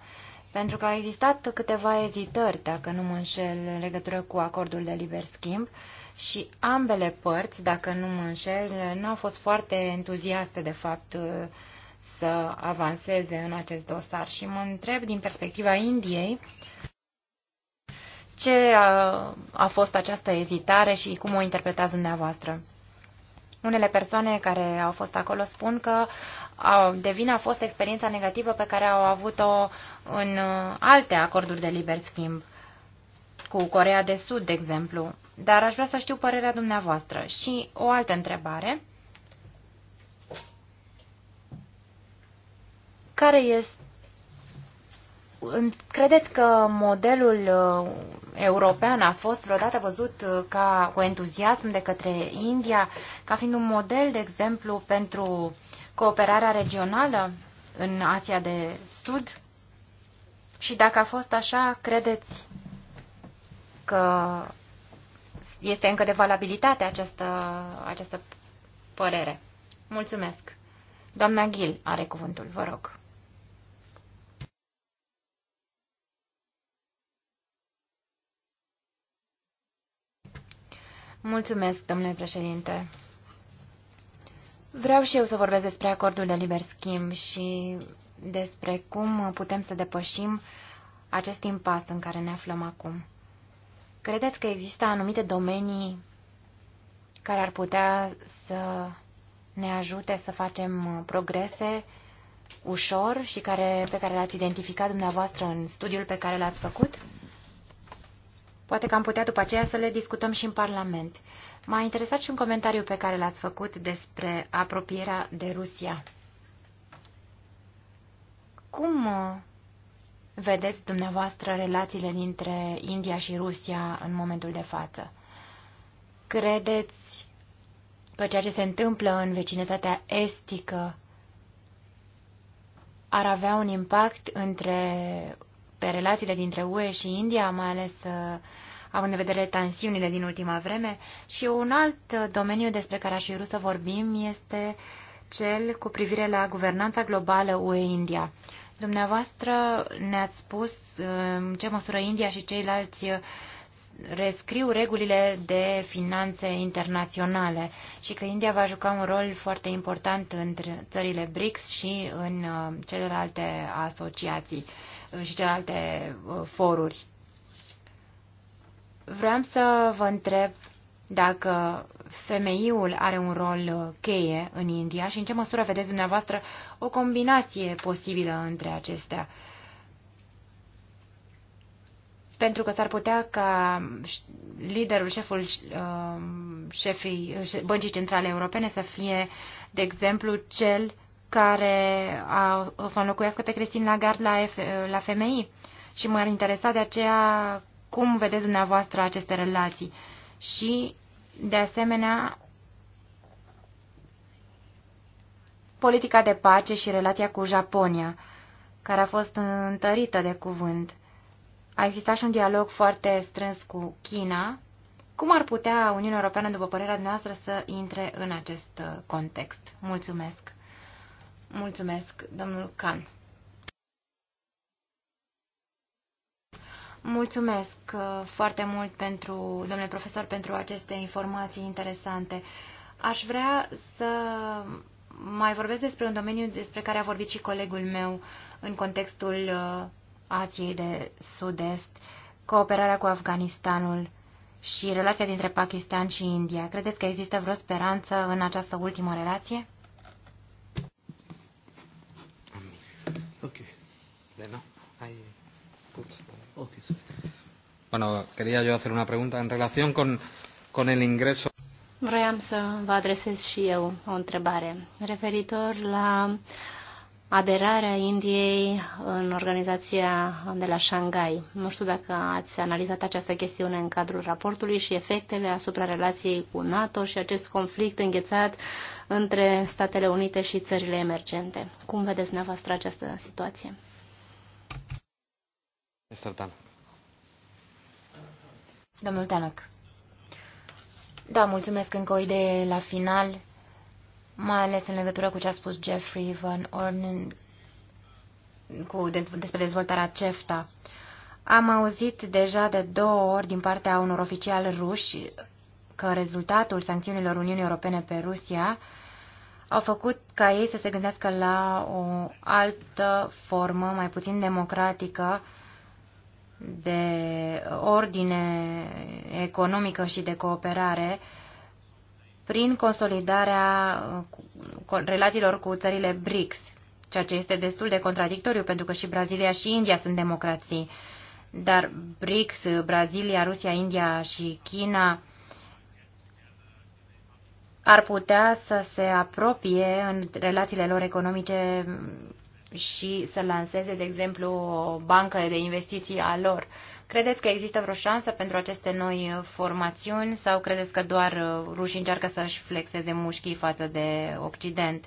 pentru că au existat câteva ezitări, dacă nu mă înșel, în legătură cu acordul de liber schimb. Uh, și ambele părți, dacă nu mă înșel, nu au fost foarte entuziaste de fapt uh, să avanseze în acest dosar. Și mă întreb din perspectiva Indiei ce uh, a fost această ezitare și cum o interpretați dumneavoastră. Unele persoane care au fost acolo spun că de vină a fost experiența negativă pe care au avut-o în uh, alte acorduri de liber schimb, cu Corea de Sud, de exemplu. Dar aș vrea să știu părerea dumneavoastră. Și o altă întrebare. Care este Credeți că modelul uh, european a fost vreodată văzut uh, ca cu entuziasm de către India, ca fiind un model, de exemplu, pentru cooperarea regională în Asia de Sud? Și dacă a fost așa, credeți că este încă de valabilitate această, această părere. Mulțumesc. Doamna Ghil are cuvântul, vă rog. Mulțumesc, domnule președinte. Vreau și eu să vorbesc despre acordul de liber schimb și despre cum putem să depășim acest impas în care ne aflăm acum. Credeți că există anumite domenii care ar putea să ne ajute să facem uh, progrese ușor și care, pe care l-ați identificat dumneavoastră în studiul pe care l-ați făcut? Poate că am putea după aceea să le discutăm și în Parlament. M-a interesat și un comentariu pe care l-ați făcut despre apropierea de Rusia. Cum uh, vedeți dumneavoastră relațiile dintre India și Rusia în momentul de față? Credeți că ceea ce se întâmplă în vecinătatea estică ar avea un impact între, pe relațiile dintre UE și India, mai ales uh, având în vedere tensiunile din ultima vreme? Și un alt uh, domeniu despre care aș vrea să vorbim este cel cu privire la guvernanța globală UE-India. Dumneavoastră ne-ați spus în ce măsură India și ceilalți rescriu regulile de finanțe internaționale și că India va juca un rol foarte important între țările BRICS și în uh, celelalte asociații uh, și celelalte uh, foruri. Vreau să vă întreb dacă femeiul are un rol uh, cheie în India și în ce măsură vedeți dumneavoastră o combinație posibilă între acestea. Pentru că s-ar putea ca liderul, șeful uh, șefii uh, Băncii Centrale Europene să fie, de exemplu, cel care a, o să înlocuiască pe Cristin Lagarde la, F, la FMI. Și m-ar interesa de aceea cum vedeți dumneavoastră aceste relații. Uh, și, de asemenea, politica de pace și relația cu Japonia, care a fost întărită de cuvânt. A existat și un dialog foarte strâns cu China. Cum ar putea Uniunea Europeană, după părerea noastră, să intre în acest context? Mulțumesc! Mulțumesc, domnul Can. Mulțumesc uh, foarte mult, pentru, domnule profesor, pentru aceste informații interesante. Aș vrea să mai vorbesc despre un domeniu despre care a vorbit și colegul meu în contextul uh, Asiei de Sud-Est, cooperarea cu Afganistanul și relația dintre Pakistan și India. Credeți că există vreo speranță în această ultimă relație? Ok. Lena, I... Bueno, quería yo hacer una pregunta en relación con, con el ingreso. Vroiam să vă adresez și eu o întrebare referitor la aderarea Indiei în organizația de la Shanghai. Nu știu dacă ați analizat această chestiune în cadrul raportului și efectele asupra relației cu NATO și acest conflict înghețat între Statele Unite și țările emergente. Cum vedeți dumneavoastră această situație? Mr. Dan. Domnul Tanac. Da, mulțumesc încă o idee la final, mai ales în legătură cu ce a spus Jeffrey Van Ornen cu, despre dezvoltarea CEFTA. Am auzit deja de două ori din partea unor oficiali ruși că rezultatul sancțiunilor Uniunii Europene pe Rusia au făcut ca ei să se gândească la o altă formă, mai puțin democratică, de ordine economică și de cooperare prin consolidarea relațiilor cu țările BRICS, ceea ce este destul de contradictoriu pentru că și Brazilia și India sunt democrații. Dar BRICS, Brazilia, Rusia, India și China ar putea să se apropie în relațiile lor economice și să lanseze, de exemplu, o bancă de investiții a lor. Credeți că există vreo șansă pentru aceste noi formațiuni sau credeți că doar uh, rușii încearcă să-și flexeze mușchii față de Occident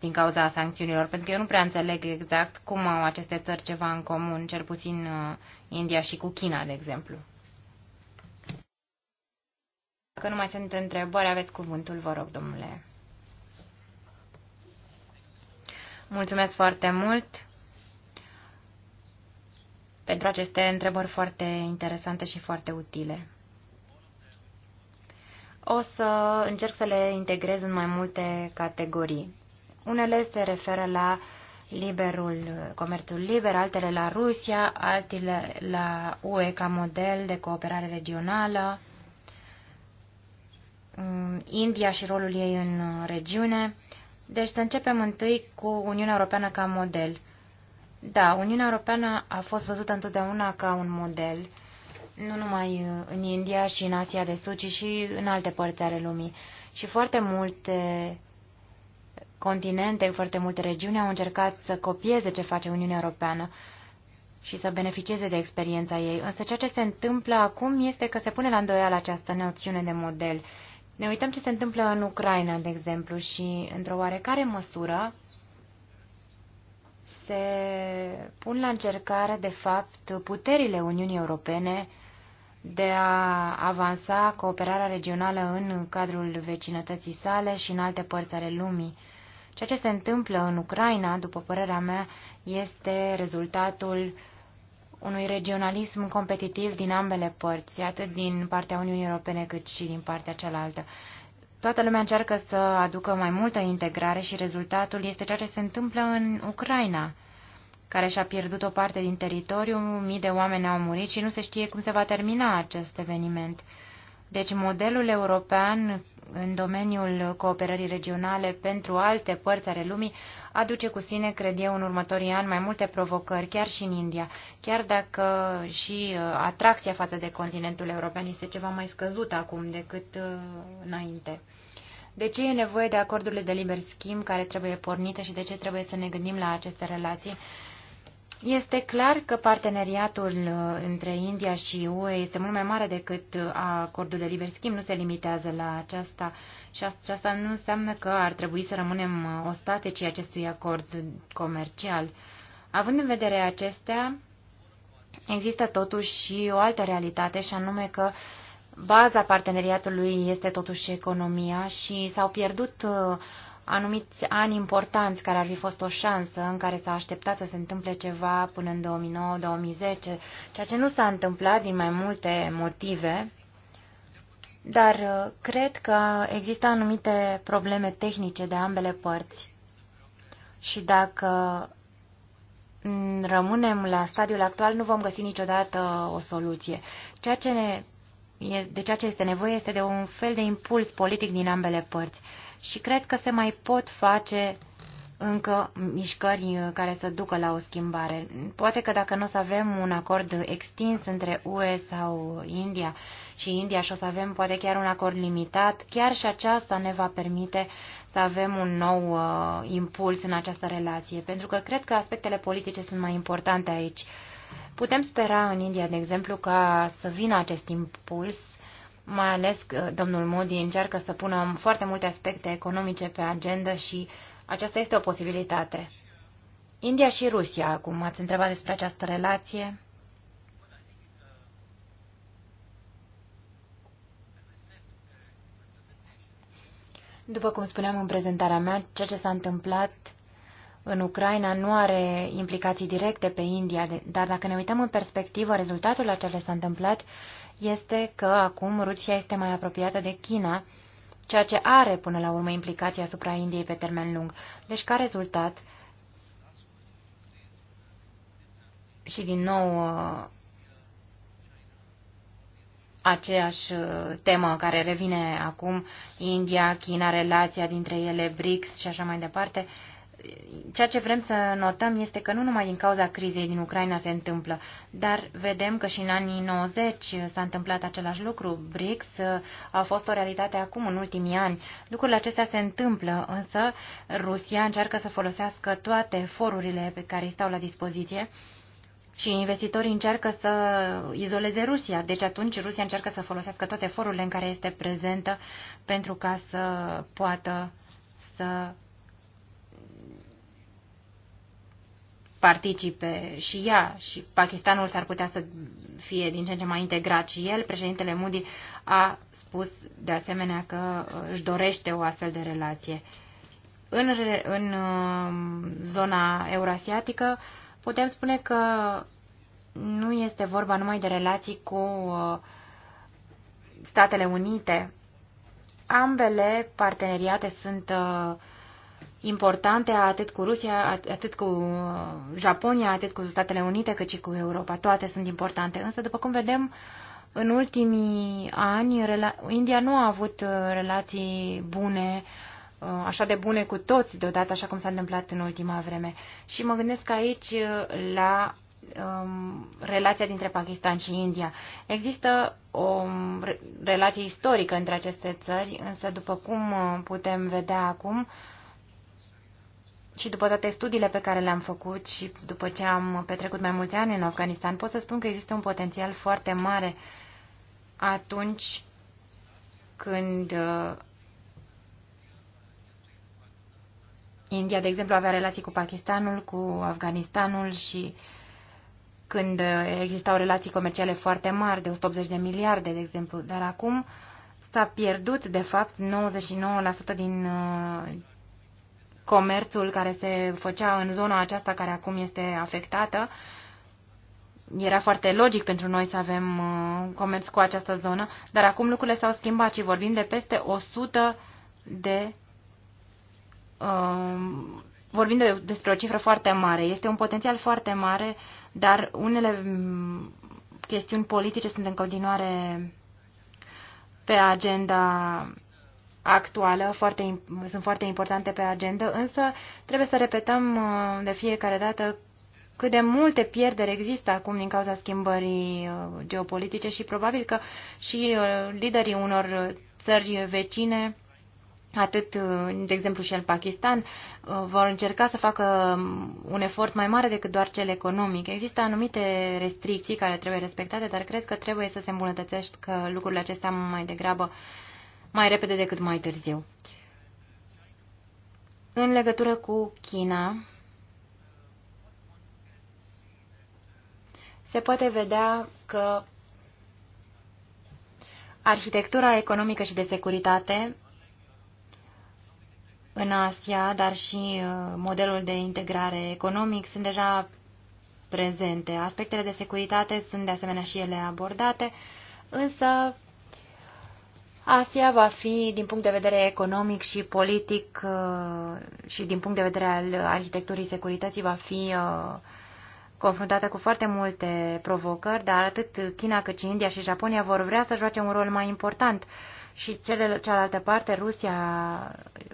din cauza sancțiunilor? Pentru că eu nu prea înțeleg exact cum au aceste țări ceva în comun, cel puțin uh, India și cu China, de exemplu. Dacă nu mai sunt întrebări, aveți cuvântul, vă rog, domnule Mulțumesc foarte mult pentru aceste întrebări foarte interesante și foarte utile. O să încerc să le integrez în mai multe categorii. Unele se referă la liberul, comerțul liber, altele la Rusia, altele la UE ca model de cooperare regională, mm, India și rolul ei în regiune deci să începem întâi cu Uniunea Europeană ca model. Da, Uniunea Europeană a fost văzută întotdeauna ca un model, nu numai uh, în India și în Asia de Sud, ci și în alte părți ale lumii. Și foarte multe continente, foarte multe regiuni au încercat să copieze ce face Uniunea Europeană și să beneficieze de experiența ei. Însă ceea ce se întâmplă acum este că se pune la îndoială această noțiune de model ne uităm ce se întâmplă în Ucraina, de exemplu, și într-o oarecare măsură se pun la încercare, de fapt, puterile Uniunii Europene de a avansa cooperarea regională în cadrul vecinătății sale și în alte părți ale lumii. Ceea ce se întâmplă în Ucraina, după părerea mea, este rezultatul uh, unui regionalism competitiv din ambele părți, atât din partea Uniunii Europene cât și din partea cealaltă. Toată lumea încearcă să aducă mai multă integrare și rezultatul este ceea ce se întâmplă în Ucraina, care și-a pierdut o parte din teritoriu, mii de oameni au murit și nu se știe cum se va termina acest eveniment. Deci modelul european în domeniul cooperării regionale pentru alte părți ale lumii aduce cu sine, cred eu, în următorii ani mai multe provocări, chiar și în India, chiar dacă și uh, atracția față de continentul european este ceva mai scăzută acum decât uh, înainte. De ce e nevoie de acordurile de liber schimb care trebuie pornite și de ce trebuie să ne gândim la aceste relații este clar că parteneriatul uh, între India și UE este mult mai mare decât uh, acordul de liber schimb, nu se limitează la aceasta și aceasta nu înseamnă că ar trebui să rămânem uh, ostatecii acestui acord comercial. Având în vedere acestea, există totuși și o altă realitate și anume că baza parteneriatului este totuși economia și s-au pierdut uh, anumiți ani importanți care ar fi fost o șansă în care s-a așteptat să se întâmple ceva până în 2009-2010, ceea ce nu s-a întâmplat din mai multe motive, dar uh, cred că există anumite probleme tehnice de ambele părți și dacă mm, rămânem la stadiul actual, nu vom găsi niciodată uh, o soluție. Ceea ce ne de ceea ce este nevoie este de un fel de impuls politic din ambele părți. Și cred că se mai pot face încă mișcări uh, care să ducă la o schimbare. Poate că dacă nu o să avem un acord extins între UE sau India și India și o să avem poate chiar un acord limitat, chiar și aceasta ne va permite să avem un nou uh, impuls în această relație, pentru că cred că aspectele politice sunt mai importante aici. Uh, Putem spera în India, de exemplu, ca să vină acest impuls, mai ales că domnul Modi încearcă să pună foarte multe aspecte economice pe agenda și aceasta este o posibilitate. India și Rusia, acum ați întrebat despre această relație. După cum spuneam în prezentarea mea, ceea ce s-a întâmplat în Ucraina nu are implicații directe pe India, dar dacă ne uităm în perspectivă, rezultatul la ce s-a întâmplat este că acum Rusia este mai apropiată de China, ceea ce are până la urmă implicații asupra Indiei pe termen lung. Deci, ca rezultat, și din nou uh, aceeași uh, temă care revine acum, India, China, relația dintre ele, BRICS și așa mai departe, ceea ce vrem să notăm este că nu numai din cauza crizei din Ucraina se întâmplă, dar vedem că și în anii 90 s-a întâmplat același lucru. BRICS uh, a fost o realitate acum, în ultimii ani. Lucrurile acestea se întâmplă, însă Rusia încearcă să folosească toate forurile pe care îi stau la dispoziție și investitorii încearcă să izoleze Rusia. Deci atunci Rusia încearcă să folosească toate forurile în care este prezentă pentru ca să poată să participe și ea și Pakistanul s-ar putea să fie din ce în ce mai integrat și el. Președintele Moody a spus de asemenea că uh, își dorește o astfel de relație. În, în uh, zona eurasiatică putem spune că nu este vorba numai de relații cu uh, Statele Unite. Ambele parteneriate sunt uh, importante atât cu Rusia, atât cu uh, Japonia, atât cu Statele Unite, cât și cu Europa. Toate sunt importante. Însă, după cum vedem, în ultimii ani, India nu a avut uh, relații bune, uh, așa de bune cu toți deodată, așa cum s-a întâmplat în ultima vreme. Și mă gândesc aici la um, relația dintre Pakistan și India. Există o um, relație istorică între aceste țări, însă, după cum putem vedea acum, uh, și după toate studiile pe care le-am făcut și după ce am petrecut mai mulți ani în Afganistan, pot să spun că există un potențial foarte mare atunci când uh, India, de exemplu, avea relații cu Pakistanul, cu Afganistanul și când uh, existau relații comerciale foarte mari, de 180 de miliarde, de exemplu. Dar acum s-a pierdut, de fapt, 99% din uh, comerțul care se făcea în zona aceasta care acum este afectată. Era foarte logic pentru noi să avem uh, comerț cu această zonă, dar acum lucrurile s-au schimbat și vorbim de peste 100 de um, vorbim de, despre o cifră foarte mare. Este un potențial foarte mare, dar unele mm, chestiuni politice sunt în continuare pe agenda actuală foarte, sunt foarte importante pe agenda, însă trebuie să repetăm uh, de fiecare dată cât de multe pierderi există acum din cauza schimbării uh, geopolitice și probabil că și uh, liderii unor țări vecine atât, de exemplu, și al Pakistan, vor încerca să facă um, un efort mai mare decât doar cel economic. Există anumite restricții care trebuie respectate, dar cred că trebuie să se îmbunătățească lucrurile acestea mai degrabă uh, mai repede decât mai târziu. În legătură cu China, se poate vedea că arhitectura economică și de securitate în Asia, dar și uh, modelul de integrare economic sunt deja prezente. Aspectele de securitate sunt de asemenea și ele abordate, însă Asia va fi, din punct de vedere economic și politic uh, și din punct de vedere al arhitecturii securității, va fi uh, confruntată cu foarte multe provocări, dar atât China cât și India și Japonia vor vrea să joace un rol mai important. Și cele, cealaltă parte, Rusia,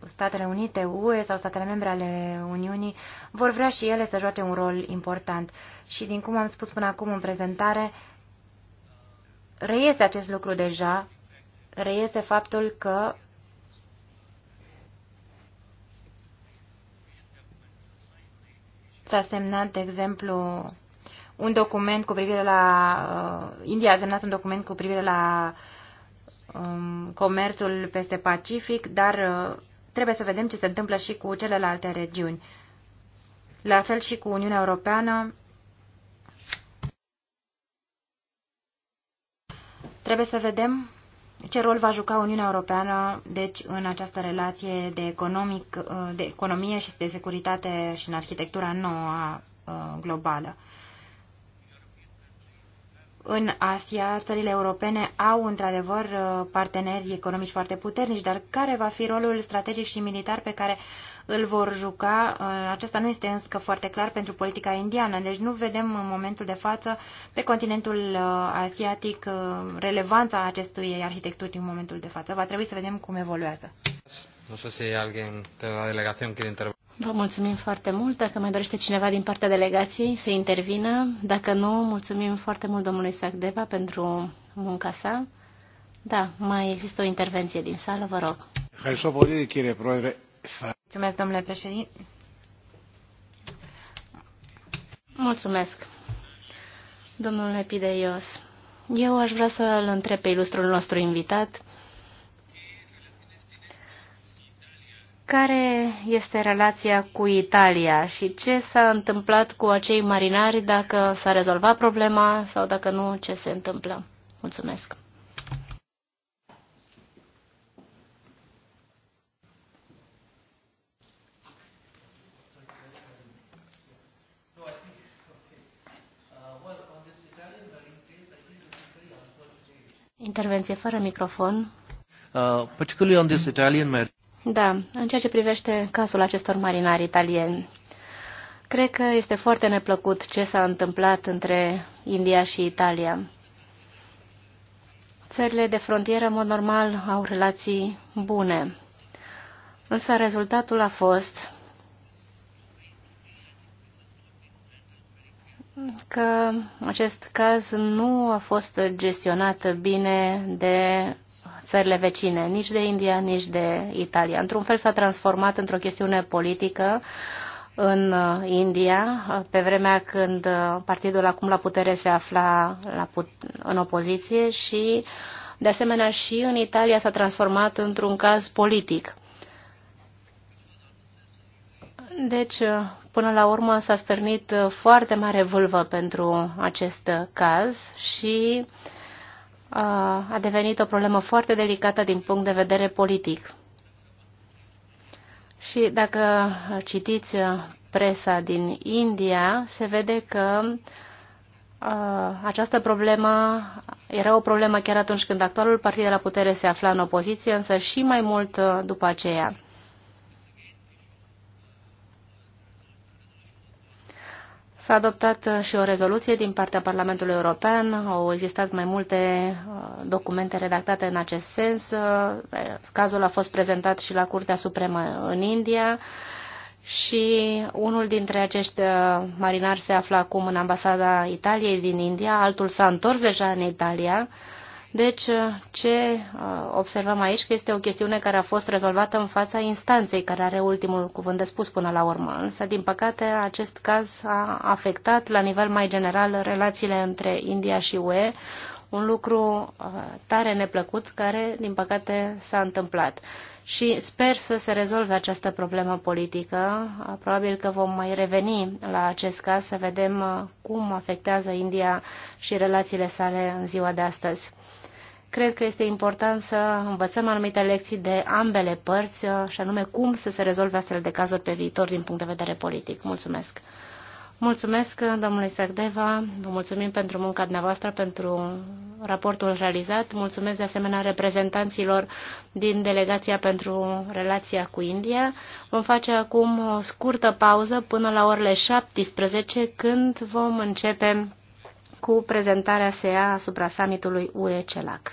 Statele Unite, UE sau statele membre ale Uniunii vor vrea și ele să joace un rol important. Și din cum am spus până acum în prezentare, reiese acest lucru deja reiese faptul că s-a semnat, de exemplu, un document cu privire la... Uh, India a semnat un document cu privire la um, comerțul peste Pacific, dar uh, trebuie să vedem ce se întâmplă și cu celelalte regiuni. La fel și cu Uniunea Europeană. Trebuie să vedem ce rol va juca Uniunea Europeană, deci, în această relație de, economic, de economie și de securitate și în arhitectura nouă uh, globală? În Asia, țările europene au, într-adevăr, uh, parteneri economici foarte puternici, dar care va fi rolul strategic și militar pe care îl vor juca. Uh, Aceasta nu este însă foarte clar pentru politica indiană, deci nu vedem în momentul de față pe continentul uh, asiatic uh, relevanța acestui arhitecturi în momentul de față. Va trebui să vedem cum evoluează. Nu știu să alguien de la delegație quiere intervine. Vă mulțumim foarte mult. Dacă mai dorește cineva din partea delegației să intervină, dacă nu, mulțumim foarte mult domnului Sacdeva pentru munca sa. Da, mai există o intervenție din sală, vă rog. Mulțumesc, domnule președinte. Mulțumesc, domnule Pideios. Eu aș vrea să îl întreb pe ilustrul nostru invitat care este relația cu Italia și ce s-a întâmplat cu acei marinari, dacă s-a rezolvat problema sau dacă nu, ce se întâmplă. Mulțumesc. Intervenție fără microfon. Uh, on this Italian Da, în ceea ce privește cazul acestor marinari italieni. Cred că este foarte neplăcut ce s-a întâmplat între India și Italia. Țările de frontieră, în mod normal, au relații bune. Însă rezultatul a fost că acest caz nu a fost gestionat bine de țările vecine, nici de India, nici de Italia. Într-un fel s-a transformat într-o chestiune politică în India, pe vremea când partidul acum la putere se afla la put în opoziție și, de asemenea, și în Italia s-a transformat într-un caz politic. Deci, uh, până la urmă, s-a stârnit uh, foarte mare vâlvă pentru acest caz și uh, a devenit o problemă foarte delicată din punct de vedere politic. Și dacă citiți presa din India, se vede că această problemă era o problemă chiar atunci când actualul partid de la putere se afla în opoziție, însă și mai mult după aceea. S-a adoptat uh, și o rezoluție din partea Parlamentului European, au existat mai multe uh, documente redactate în acest sens. Uh, cazul a fost prezentat și la Curtea Supremă în India și unul dintre acești marinari se află acum în ambasada Italiei din India, altul s-a întors deja în Italia deci, ce uh, observăm aici, că este o chestiune care a fost rezolvată în fața instanței, care are ultimul cuvânt de spus până la urmă. Însă, din păcate, acest caz a afectat, la nivel mai general, relațiile între India și UE, un lucru uh, tare neplăcut care, din păcate, s-a întâmplat. Și sper să se rezolve această problemă politică. Uh, probabil că vom mai reveni la acest caz să vedem cum afectează India și relațiile sale în ziua de astăzi. Cred că este important să învățăm anumite lecții de ambele părți și anume cum să se rezolve astfel de cazuri pe viitor din punct de vedere politic. Mulțumesc! Mulțumesc, domnule Sagdeva, vă mulțumim pentru munca dumneavoastră, pentru raportul realizat. Mulțumesc de asemenea reprezentanților din Delegația pentru Relația cu India. Vom face acum o scurtă pauză până la orele 17, când vom începe cu prezentarea SEA asupra summitului UE-CELAC.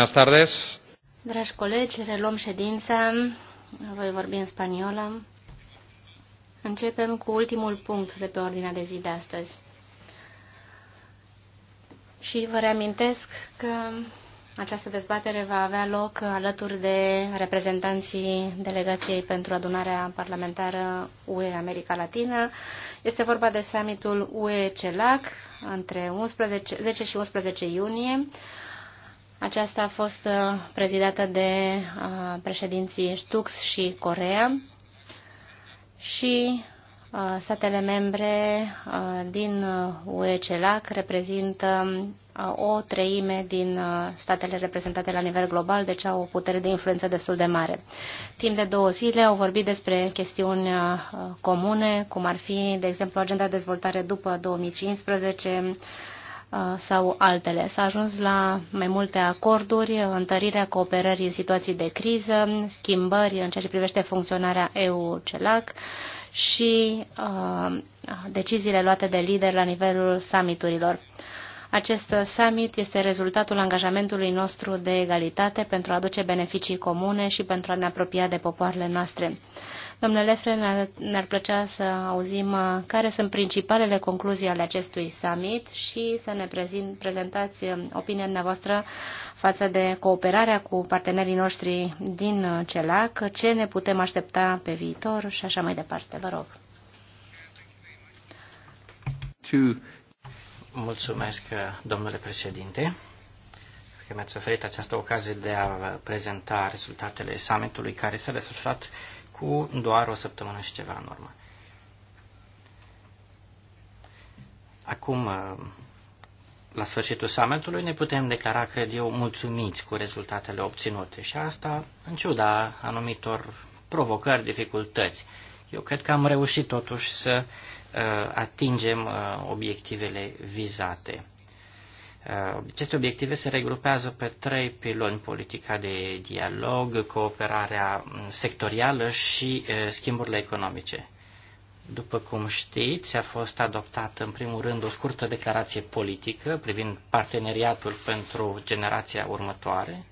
buenas tardes. Dragi colegi, reluăm ședința. Voi vorbi în spaniolă. Începem cu ultimul punct de pe ordinea de zi de astăzi. Și vă reamintesc că această dezbatere va avea loc alături de reprezentanții Delegației pentru Adunarea Parlamentară UE America Latină. Este vorba de summitul UE-CELAC între 11, 10 și 11 iunie. Aceasta a fost uh, prezidată de uh, președinții Stux și Corea și uh, statele membre din ue reprezintă o treime din statele reprezentate la nivel global, deci au o putere de influență destul de mare. Timp de două zile au vorbit despre chestiuni comune, cum ar fi, de exemplu, agenda de dezvoltare după 2015, Uh, sau altele. S-a ajuns la mai multe acorduri, întărirea cooperării în situații de criză, schimbări în ceea ce privește funcționarea EU-CELAC și uh, deciziile luate de lideri la nivelul summiturilor. Acest summit este rezultatul angajamentului nostru de egalitate pentru a aduce beneficii comune și pentru a ne apropia de popoarele noastre. Domnule Lefren, ne-ar plăcea să auzim uh, care sunt principalele concluzii ale acestui summit și să ne prezint, prezentați uh, opinia dumneavoastră față de cooperarea cu partenerii noștri din uh, CELAC, ce ne putem aștepta pe viitor și așa mai departe. Vă rog. Mulțumesc, domnule președinte că mi-ați oferit această ocazie de a prezenta rezultatele summitului care s-a desfășurat cu doar o săptămână și ceva în urmă. Acum, uh, la sfârșitul summitului, ne putem declara, cred eu, mulțumiți cu rezultatele obținute și asta în ciuda anumitor provocări, dificultăți. Eu cred că am reușit totuși să uh, atingem uh, obiectivele vizate. Uh, aceste obiective se regrupează pe trei piloni, politica de dialog, cooperarea mm, sectorială și uh, schimburile economice. După cum știți, a fost adoptată în primul rând o scurtă declarație politică privind parteneriatul pentru generația următoare,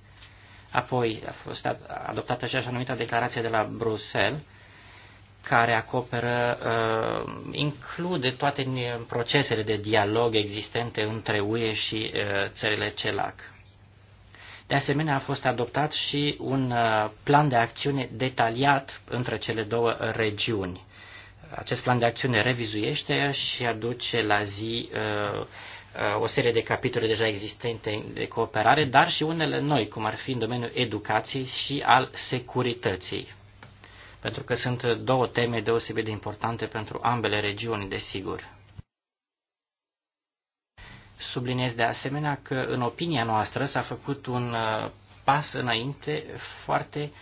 apoi a fost adoptată și așa numită declarație de la Bruxelles, care acoperă, uh, include toate uh, procesele de dialog existente între UE și uh, țările CELAC. De asemenea, a fost adoptat și un plan de acțiune detaliat între cele două regiuni. Acest plan de acțiune revizuiește și aduce la zi o serie de capitole deja existente de cooperare, dar și unele noi, cum ar fi în domeniul educației și al securității pentru că sunt două teme deosebit de importante pentru ambele regiuni, desigur. Subliniez de asemenea că, în opinia noastră, s-a făcut un uh, pas înainte foarte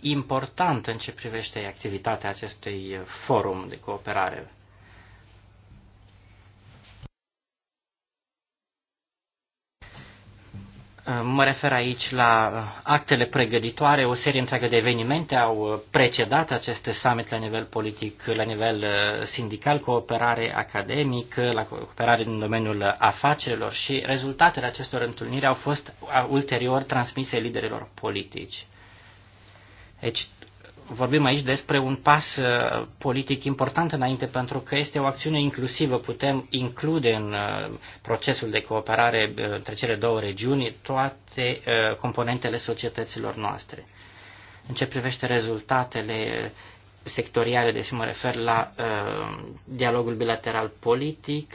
important în ce privește activitatea acestui uh, forum de cooperare Mă refer aici la uh, actele pregăditoare, o serie întreagă de evenimente au uh, precedat aceste summit la nivel politic, la nivel uh, sindical, cooperare academică, la cooperare din domeniul afacerilor și rezultatele acestor întâlniri au fost ulterior transmise liderilor politici. Deci vorbim aici despre un pas uh, politic important înainte, pentru că este o acțiune inclusivă. Putem include în uh, procesul de cooperare uh, între cele două regiuni toate componentele societăților noastre. În ce privește rezultatele sectoriale, deși mă refer la dialogul bilateral politic,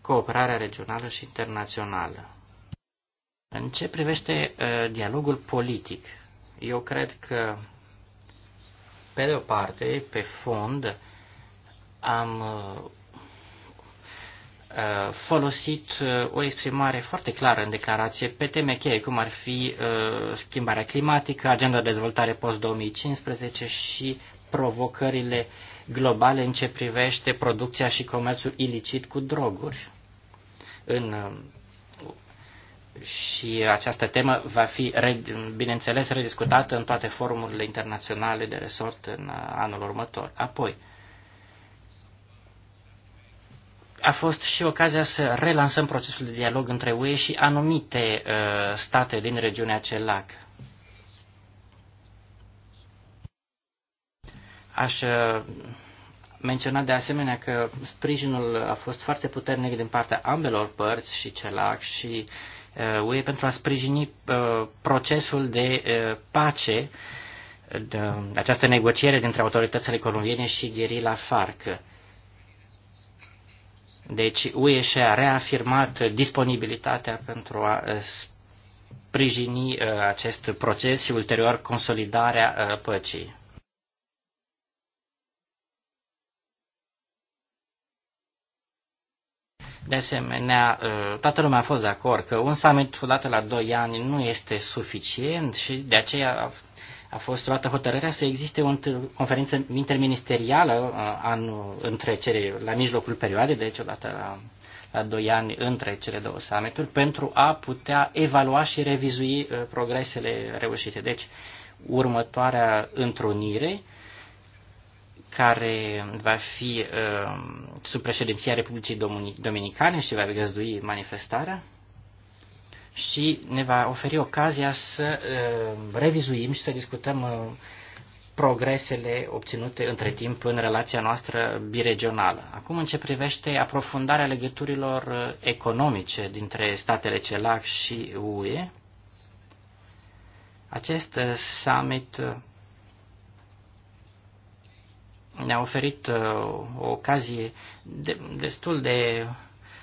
cooperarea regională și internațională. În ce privește uh, dialogul politic, eu cred că, pe de o parte, pe fond, am uh, uh, folosit uh, o exprimare foarte clară în declarație pe teme cheie, cum ar fi schimbarea climatică, agenda de dezvoltare post-2015 și provocările globale în ce privește producția și comerțul ilicit cu droguri. În și această temă va fi, bineînțeles, rediscutată în toate forumurile internaționale de resort în anul următor. Apoi, a fost și ocazia să relansăm procesul de dialog între UE și anumite uh, state din regiunea CELAC. Aș uh, menționa de asemenea că sprijinul a fost foarte puternic din partea ambelor părți și CELAC și uh, Uh, UE pentru a sprijini uh, procesul de uh, pace, de um, această negociere dintre autoritățile colombiene și gherila FARC. Deci UE și-a reafirmat disponibilitatea pentru a sprijini acest proces și ulterior consolidarea păcii. De asemenea, ă, toată lumea a fost de acord că un summit odată la 2 ani nu este suficient și de aceea a fost luată hotărârea să existe o conferință interministerială ă, anul, între cele, la mijlocul perioadei, deci odată la, la 2 ani între cele două summituri, pentru a putea evalua și revizui ă, progresele reușite. Deci, următoarea întrunire care va fi uh, sub președinția Republicii Dominicane și va găzdui manifestarea și ne va oferi ocazia să uh, revizuim și să discutăm uh, progresele obținute între timp în relația noastră biregională. Acum, în ce privește aprofundarea legăturilor uh, economice dintre statele CELAC și UE, acest uh, summit uh, ne-a oferit uh, o ocazie de, destul de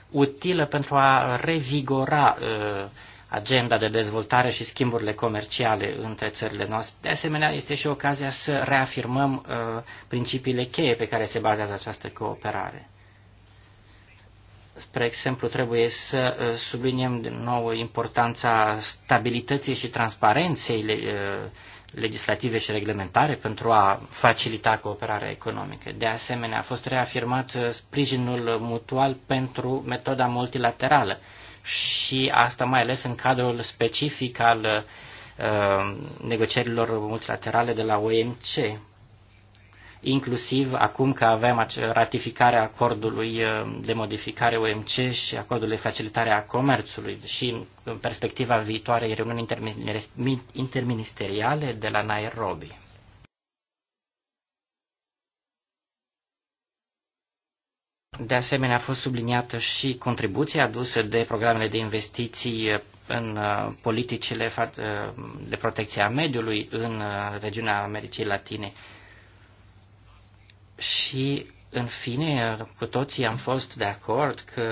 utilă pentru a revigora uh, agenda de dezvoltare și schimburile comerciale între țările noastre. De asemenea, este și ocazia să reafirmăm uh, principiile cheie pe care se bazează această cooperare spre exemplu, trebuie să subliniem din nou importanța stabilității și transparenței legislative și reglementare pentru a facilita cooperarea economică. De asemenea, a fost reafirmat uh, sprijinul mutual pentru metoda multilaterală și asta mai ales în cadrul specific al uh, negocierilor multilaterale de la OMC inclusiv acum că avem ratificarea acordului uh, de modificare OMC și acordul de facilitare a comerțului și în perspectiva viitoarei reuniuni interministeriale de la Nairobi. De asemenea, a fost subliniată și contribuția adusă de programele de investiții uh, în uh, politicile de protecție a mediului în regiunea Americii Latine și, în fine, cu toții am fost de acord că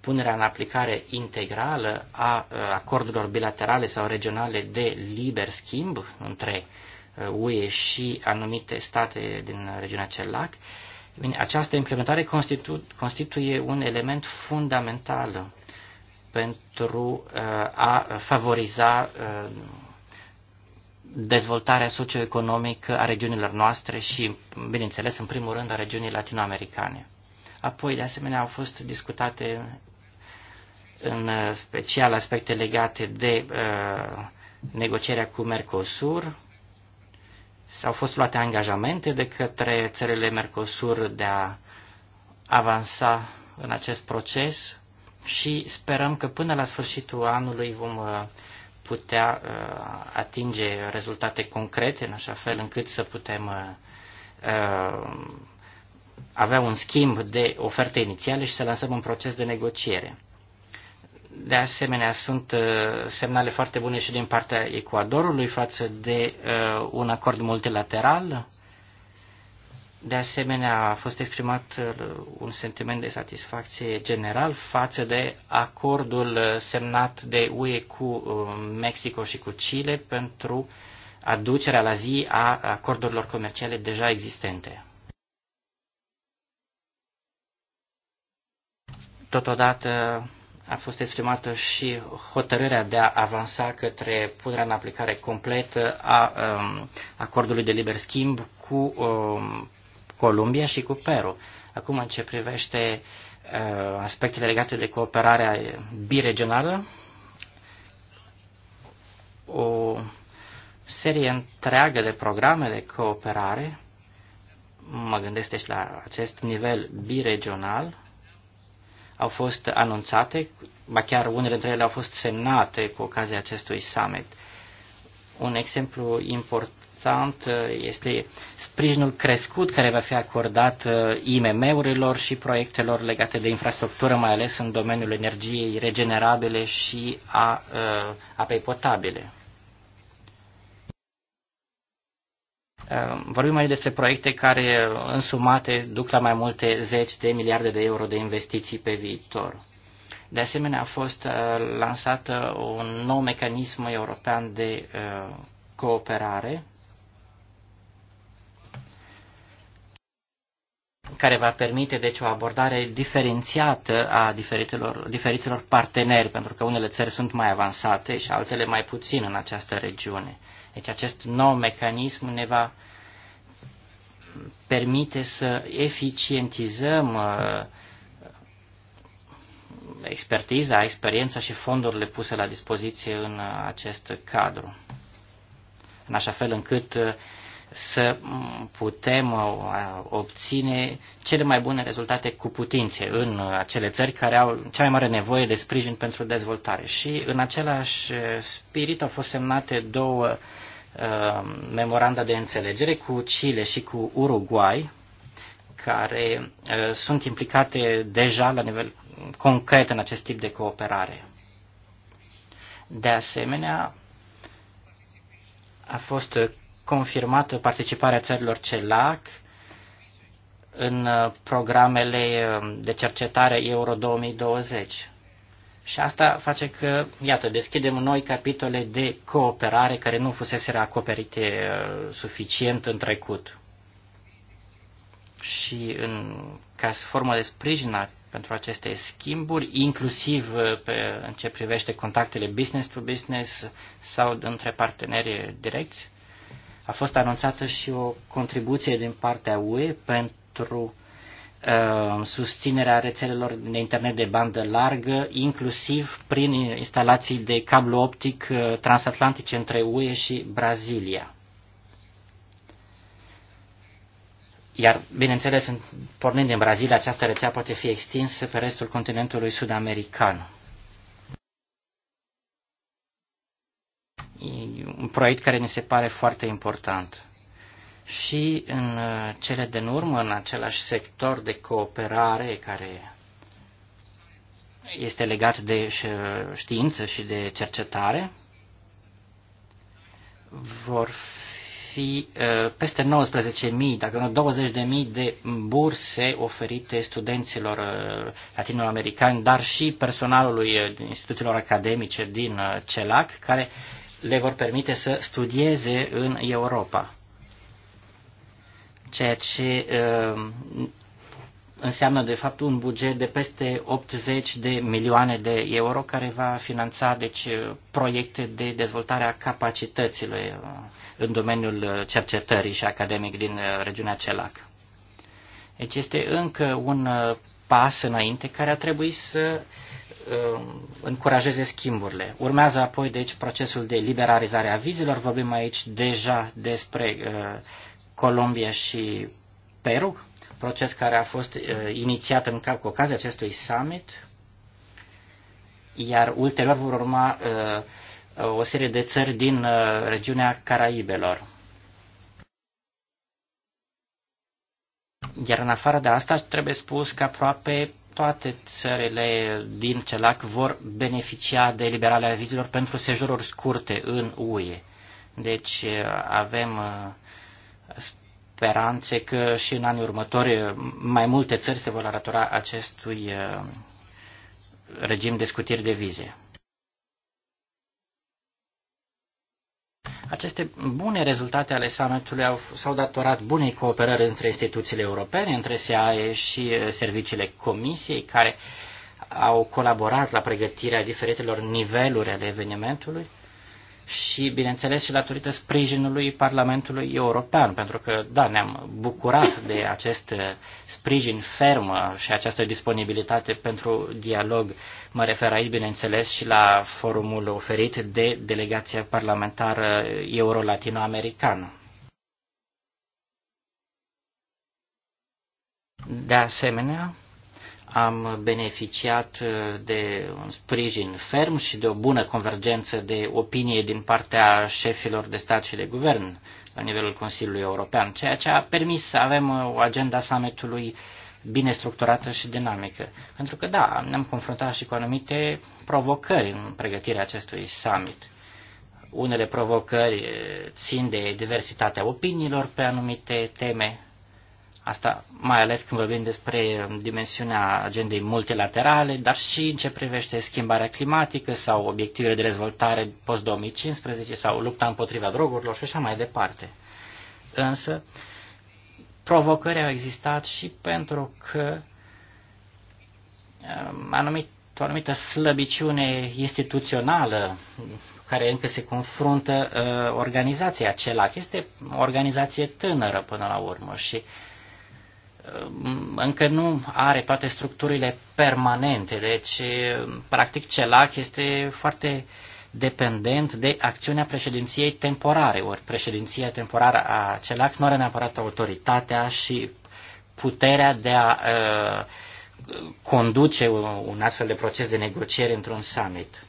punerea în aplicare integrală a acordurilor bilaterale sau regionale de liber schimb între uh, UE și anumite state din regiunea CELAC, această implementare constitu- constituie un element fundamental pentru uh, a favoriza uh, dezvoltarea socioeconomică a regiunilor noastre și, bineînțeles, în primul rând, a regiunii latinoamericane. Apoi, de asemenea, au fost discutate în special aspecte legate de uh, negocierea cu Mercosur. S-au fost luate angajamente de către țările Mercosur de a avansa în acest proces și sperăm că până la sfârșitul anului vom uh, putea uh, atinge rezultate concrete în așa fel încât să putem uh, uh, avea un schimb de oferte inițiale și să lansăm un proces de negociere. De asemenea, sunt semnale foarte bune și din partea Ecuadorului față de un acord multilateral de asemenea, a fost exprimat uh, un sentiment de satisfacție general față de acordul uh, semnat de UE cu uh, Mexico și cu Chile pentru aducerea la zi a acordurilor comerciale deja existente. Totodată a fost exprimată și hotărârea de a avansa către punerea în aplicare completă a um, acordului de liber schimb cu um, Columbia și cu Peru. Acum, în ce privește uh, aspectele legate de cooperarea biregională, o serie întreagă de programe de cooperare, mă gândesc deci la acest nivel biregional, au fost anunțate, ba chiar unele dintre ele au fost semnate cu ocazia acestui summit. Un exemplu important important uh, este sprijinul crescut care va fi acordat uh, IMM-urilor și proiectelor legate de infrastructură, mai ales în domeniul energiei regenerabile și a uh, apei potabile. Vorbim aici despre proiecte care însumate duc la mai multe zeci de miliarde de euro de investiții pe viitor. De asemenea, a fost lansat un nou mecanism european de cooperare care va permite deci o abordare diferențiată a diferitelor, diferiților parteneri, pentru că unele țări sunt mai avansate și altele mai puțin în această regiune. Deci acest nou mecanism ne va permite să eficientizăm uh, expertiza, experiența și fondurile puse la dispoziție în uh, acest cadru. În așa fel încât uh, să putem uh, obține cele mai bune rezultate cu putințe în uh, acele țări care au cea mai mare nevoie de sprijin pentru dezvoltare. Și în același uh, spirit au fost semnate două memoranda de înțelegere cu Chile și cu Uruguay, care sunt implicate deja la nivel concret în acest tip de cooperare. De asemenea, a fost confirmat participarea țărilor CELAC în uh, programele uh, de cercetare Euro 2020. Și asta face că, iată, deschidem noi capitole de cooperare care nu fusese acoperite uh, suficient în trecut. Și în, ca formă de sprijin pentru aceste schimburi, inclusiv pe, în ce privește contactele business to business sau între parteneri direcți, a fost anunțată și o contribuție din partea UE pentru uh, susținerea rețelelor de internet de bandă largă, inclusiv prin instalații de cablu optic uh, transatlantice între UE și Brazilia. Iar, bineînțeles, pornind din Brazilia, această rețea poate fi extinsă pe restul continentului sud-american. un proiect care ne se pare foarte important. Și în uh, cele de urmă, în același sector de cooperare care este legat de știință și de cercetare, vor fi uh, peste 19.000, dacă nu 20.000 de burse oferite studenților uh, latinoamericani, dar și personalului instituțiilor academice din CELAC, care le vor permite să studieze în Europa. Ceea ce uh, înseamnă de fapt un buget de peste 80 de milioane de euro care va finanța deci, uh, proiecte de dezvoltare a capacităților uh, în domeniul cercetării și academic din regiunea CELAC. Deci este încă un pas înainte care a trebuit să Um, încurajeze schimburile. Urmează apoi, deci, procesul de liberalizare a vizelor. Vorbim aici deja despre uh, Colombia și Peru, proces care a fost uh, inițiat în cap cu ocazia acestui summit, iar ulterior vor urma uh, o serie de țări din regiunea Caraibelor. Iar în afară de asta, trebuie spus că aproape toate țările din CELAC vor beneficia de liberarea vizelor pentru sejururi scurte în UE. Deci avem uh, speranțe că și în anii următori uh, mai multe țări se vor arătura acestui uh, regim de scutiri de vize. Aceste bune rezultate ale summitului s-au datorat bunei cooperări între instituțiile europene, între SAE și uh, serviciile Comisiei, care au colaborat la pregătirea diferitelor niveluri ale evenimentului și, bineînțeles, și datorită sprijinului Parlamentului European, pentru că, da, ne-am bucurat de acest uh, sprijin ferm uh, și această disponibilitate pentru dialog. Mă refer aici, bineînțeles, și la forumul oferit de delegația parlamentară euro-latinoamericană. De asemenea, am beneficiat uh, de un sprijin ferm și de o bună convergență de opinie din partea șefilor de stat și de guvern la nivelul Consiliului European, ceea ce a permis să avem uh, o agenda summitului bine structurată și dinamică. Pentru că, da, ne-am confruntat și cu anumite provocări în pregătirea acestui summit. Unele provocări uh, țin de diversitatea opiniilor pe anumite teme, Asta mai ales când vorbim despre um, dimensiunea agendei multilaterale, dar și în ce privește schimbarea climatică sau obiectivele de dezvoltare post-2015 sau lupta împotriva drogurilor și așa mai departe. Însă, provocări au existat și pentru că um, anumit, o anumită slăbiciune instituțională care încă se confruntă uh, organizația CELAC. Este o organizație tânără până la urmă și încă nu are toate structurile permanente, deci practic CELAC este foarte dependent de acțiunea președinției temporare, ori președinția temporară a CELAC nu are neapărat autoritatea și puterea de a uh, conduce un astfel de proces de negociere într-un summit.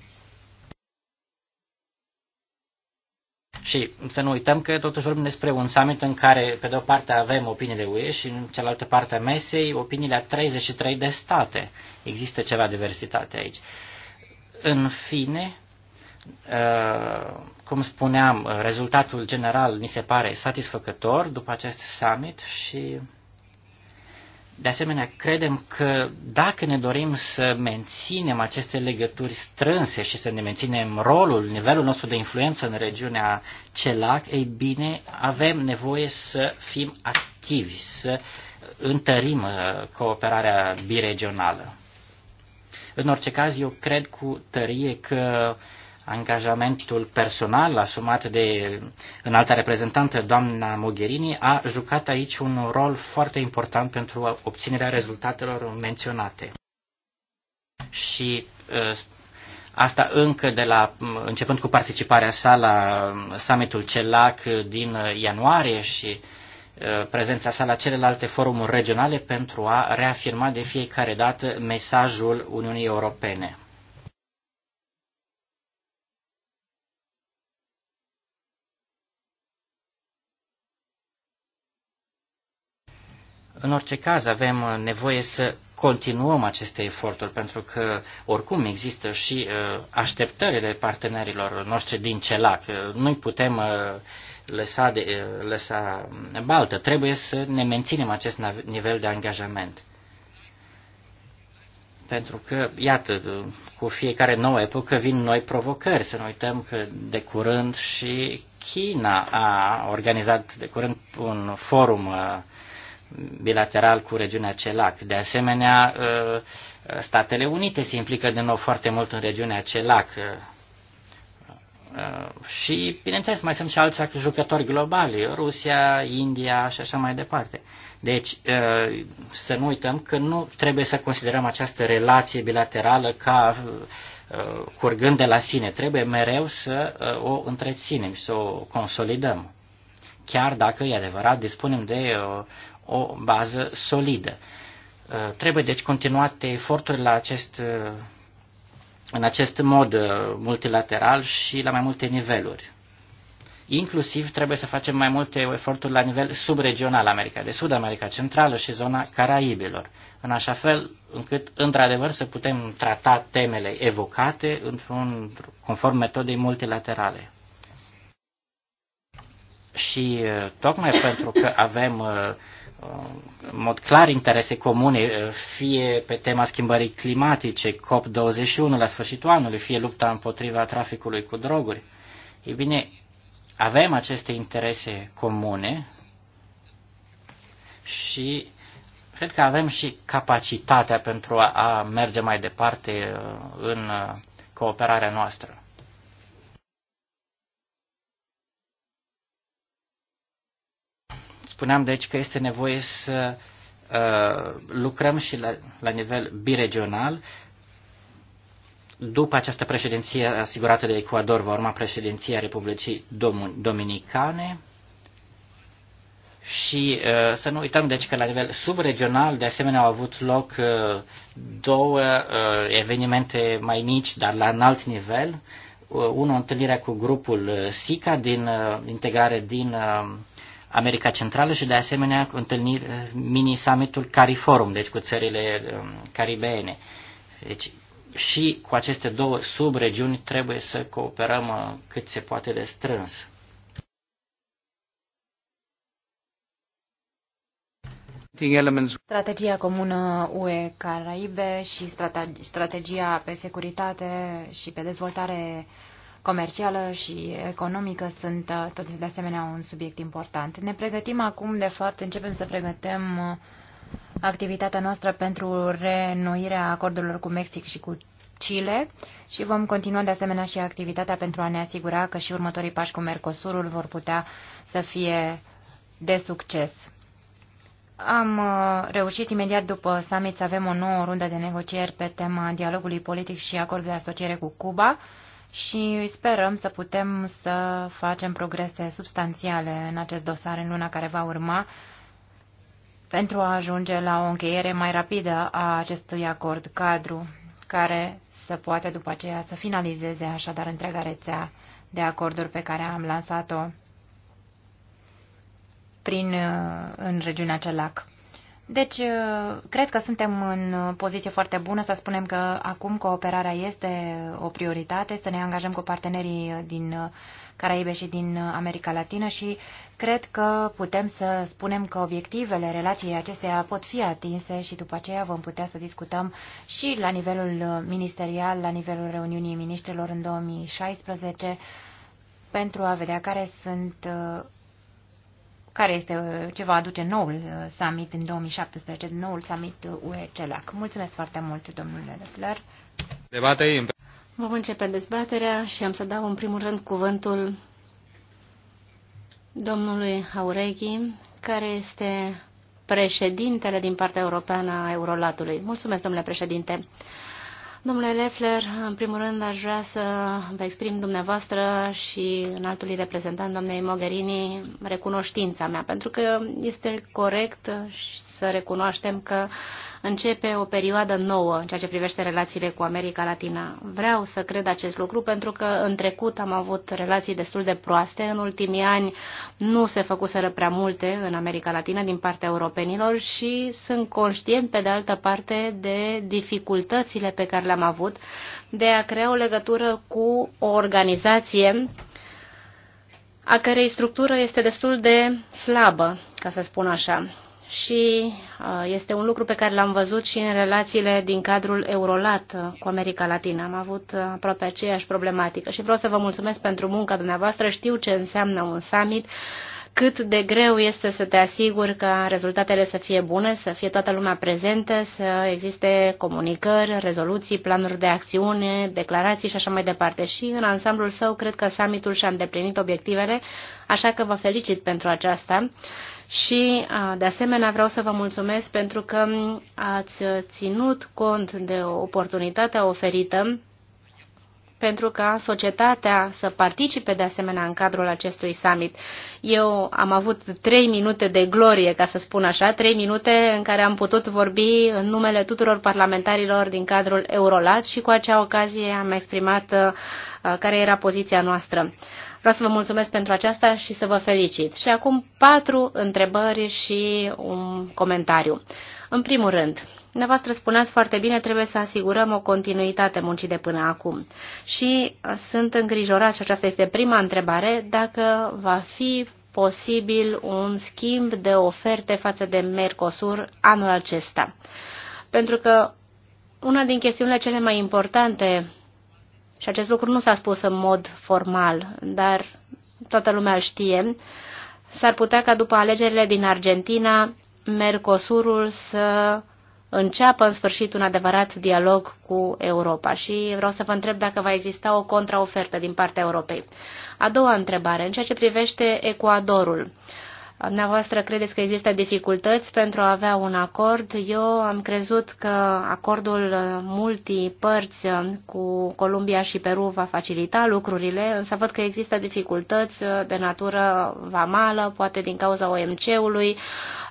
Și să nu uităm că totuși vorbim despre un summit în care, pe de o parte, avem opiniile UE și în cealaltă parte a mesei opiniile a 33 de state. Există ceva diversitate aici. În fine, uh, cum spuneam, rezultatul general ni se pare satisfăcător după acest summit și de asemenea, credem că dacă ne dorim să menținem aceste legături strânse și să ne menținem rolul, nivelul nostru de influență în regiunea CELAC, ei bine, avem nevoie să fim activi, să întărim uh, cooperarea biregională. În orice caz, eu cred cu tărie că uh, angajamentul personal asumat de înalta reprezentantă, doamna Mogherini, a jucat aici un rol foarte important pentru obținerea rezultatelor menționate. Și ă, asta încă de la, începând cu participarea sa la summitul CELAC din ianuarie și ă, prezența sa la celelalte forumuri regionale pentru a reafirma de fiecare dată mesajul Uniunii Europene. În orice caz, avem uh, nevoie să continuăm aceste eforturi, pentru că oricum există și uh, așteptările partenerilor noștri din CELAC. Uh, nu putem lăsa, de, lăsa baltă. Trebuie să ne menținem acest nivel de angajament. Pentru că, iată, cu fiecare nouă epocă vin noi provocări. Să nu uităm că de curând și China a organizat de curând un forum bilateral cu regiunea CELAC. De asemenea, ă, Statele Unite se implică de nou foarte mult în regiunea CELAC. Ă, ă, și, bineînțeles, mai sunt și alți jucători globali, Rusia, India și așa mai departe. Deci, să nu uităm că nu trebuie să considerăm această relație bilaterală ca curgând de la sine. Trebuie mereu să o întreținem și să o consolidăm. Chiar dacă, e adevărat, dispunem de o bază solidă. Uh, trebuie deci continuate eforturile la acest, uh, în acest mod uh, multilateral și la mai multe niveluri. Inclusiv trebuie să facem mai multe eforturi la nivel subregional, America de Sud, America Centrală și zona Caraibilor, în așa fel încât, într-adevăr, să putem trata temele evocate într-un, conform metodei multilaterale. Și tocmai pentru că avem uh, în mod clar interese comune, fie pe tema schimbării climatice, COP21 la sfârșitul anului, fie lupta împotriva traficului cu droguri. Ei bine, avem aceste interese comune și cred că avem și capacitatea pentru a merge mai departe uh, în uh, cooperarea noastră. Spuneam deci că este nevoie să uh, lucrăm și la, la nivel biregional. După această președinție asigurată de Ecuador va urma președinția Republicii Dominicane și uh, să nu uităm deci că la nivel subregional de asemenea au avut loc uh, două uh, evenimente mai mici, dar la înalt nivel. Uh, unul întâlnirea cu grupul uh, SICA din uh, integrare din uh, America Centrală și de asemenea întâlniri eh, mini-summitul CARIFORUM, deci cu țările eh, caribeene. Deci și cu aceste două subregiuni trebuie să cooperăm eh, cât se poate de strâns. Strategia comună UE Caraibe și strategia pe securitate și pe dezvoltare uh, comercială și economică sunt uh, tot de asemenea un subiect important. Ne pregătim acum, de fapt, începem să pregătim uh, activitatea noastră pentru renoirea acordurilor cu Mexic și cu Chile și vom continua de asemenea și activitatea pentru a ne asigura că și următorii pași cu Mercosurul vor putea să fie de succes. Am uh, reușit imediat după summit să avem o nouă rundă de negocieri pe tema dialogului politic și acord de asociere cu Cuba și sperăm să putem să facem progrese substanțiale în acest dosar în luna care va urma pentru a ajunge la o încheiere mai rapidă a acestui acord cadru care să poate după aceea să finalizeze așadar întreaga rețea de acorduri pe care am lansat-o prin, în regiunea Celac. Deci, uh, cred că suntem în uh, poziție foarte bună să spunem că acum cooperarea este uh, o prioritate, să ne angajăm cu partenerii din Caraibe și din America Latină și cred că putem să spunem că obiectivele relației acesteia pot fi atinse și după aceea vom putea să discutăm și la nivelul ministerial, la nivelul reuniunii ministrilor în 2016, pentru a vedea care sunt care este ce va aduce noul uh, summit în 2017, noul summit UE-CELAC. Uh, Mulțumesc foarte mult, domnule Leclerc. Vom începe dezbaterea și am să dau în primul rând cuvântul domnului Aureghi, care este președintele din partea europeană a Eurolatului. Mulțumesc, domnule președinte. Domnule Leffler, în primul rând aș vrea să vă exprim dumneavoastră și în altului reprezentant, doamnei Mogherini, recunoștința mea, pentru că este corect să recunoaștem că începe o perioadă nouă în ceea ce privește relațiile cu America Latina. Vreau să cred acest lucru pentru că în trecut am avut relații destul de proaste. În ultimii ani nu se făcuseră prea multe în America Latina din partea europenilor și sunt conștient pe de altă parte de dificultățile pe care le-am avut de a crea o legătură cu o organizație a cărei structură este destul de slabă, ca să spun așa și uh, este un lucru pe care l-am văzut și în relațiile din cadrul Eurolat uh, cu America Latina. Am avut uh, aproape aceeași problematică și vreau să vă mulțumesc pentru munca dumneavoastră. Știu ce înseamnă un summit, cât de greu este să te asiguri că rezultatele să fie bune, să fie toată lumea prezentă, să existe comunicări, rezoluții, planuri de acțiune, declarații și așa mai departe. Și în ansamblul său cred că summitul și-a îndeplinit obiectivele, așa că vă felicit pentru aceasta și, de asemenea, vreau să vă mulțumesc pentru că ați ținut cont de oportunitatea oferită pentru ca societatea să participe de asemenea în cadrul acestui summit. Eu am avut trei minute de glorie, ca să spun așa, trei minute în care am putut vorbi în numele tuturor parlamentarilor din cadrul Eurolat și cu acea ocazie am exprimat care era poziția noastră. Vreau să vă mulțumesc pentru aceasta și să vă felicit. Și acum patru întrebări și un comentariu. În primul rând, Dumneavoastră spuneați foarte bine, trebuie să asigurăm o continuitate muncii de până acum. Și sunt îngrijorat, și aceasta este prima întrebare, dacă va fi posibil un schimb de oferte față de Mercosur anul acesta. Pentru că una din chestiunile cele mai importante și acest lucru nu s-a spus în mod formal, dar toată lumea îl știe, s-ar putea ca după alegerile din Argentina, Mercosurul să înceapă în sfârșit un adevărat dialog cu Europa și vreau să vă întreb dacă va exista o contraofertă din partea Europei. A doua întrebare, în ceea ce privește Ecuadorul. Uh, Dumneavoastră credeți că există dificultăți pentru a avea un acord. Eu am crezut că acordul multipărți cu Columbia și Peru va facilita lucrurile, însă văd că există dificultăți de natură vamală, poate din cauza OMC-ului,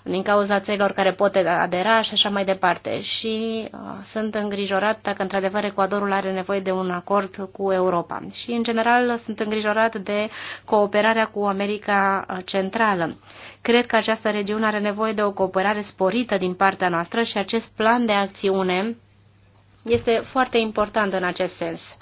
din cauza țărilor care pot adera și așa mai departe. Și uh, sunt îngrijorat dacă într-adevăr Ecuadorul are nevoie de un acord cu Europa. Și în general sunt îngrijorat de cooperarea cu America Centrală Cred că această regiune are nevoie de o cooperare sporită din partea noastră și acest plan de acțiune este foarte important în acest sens.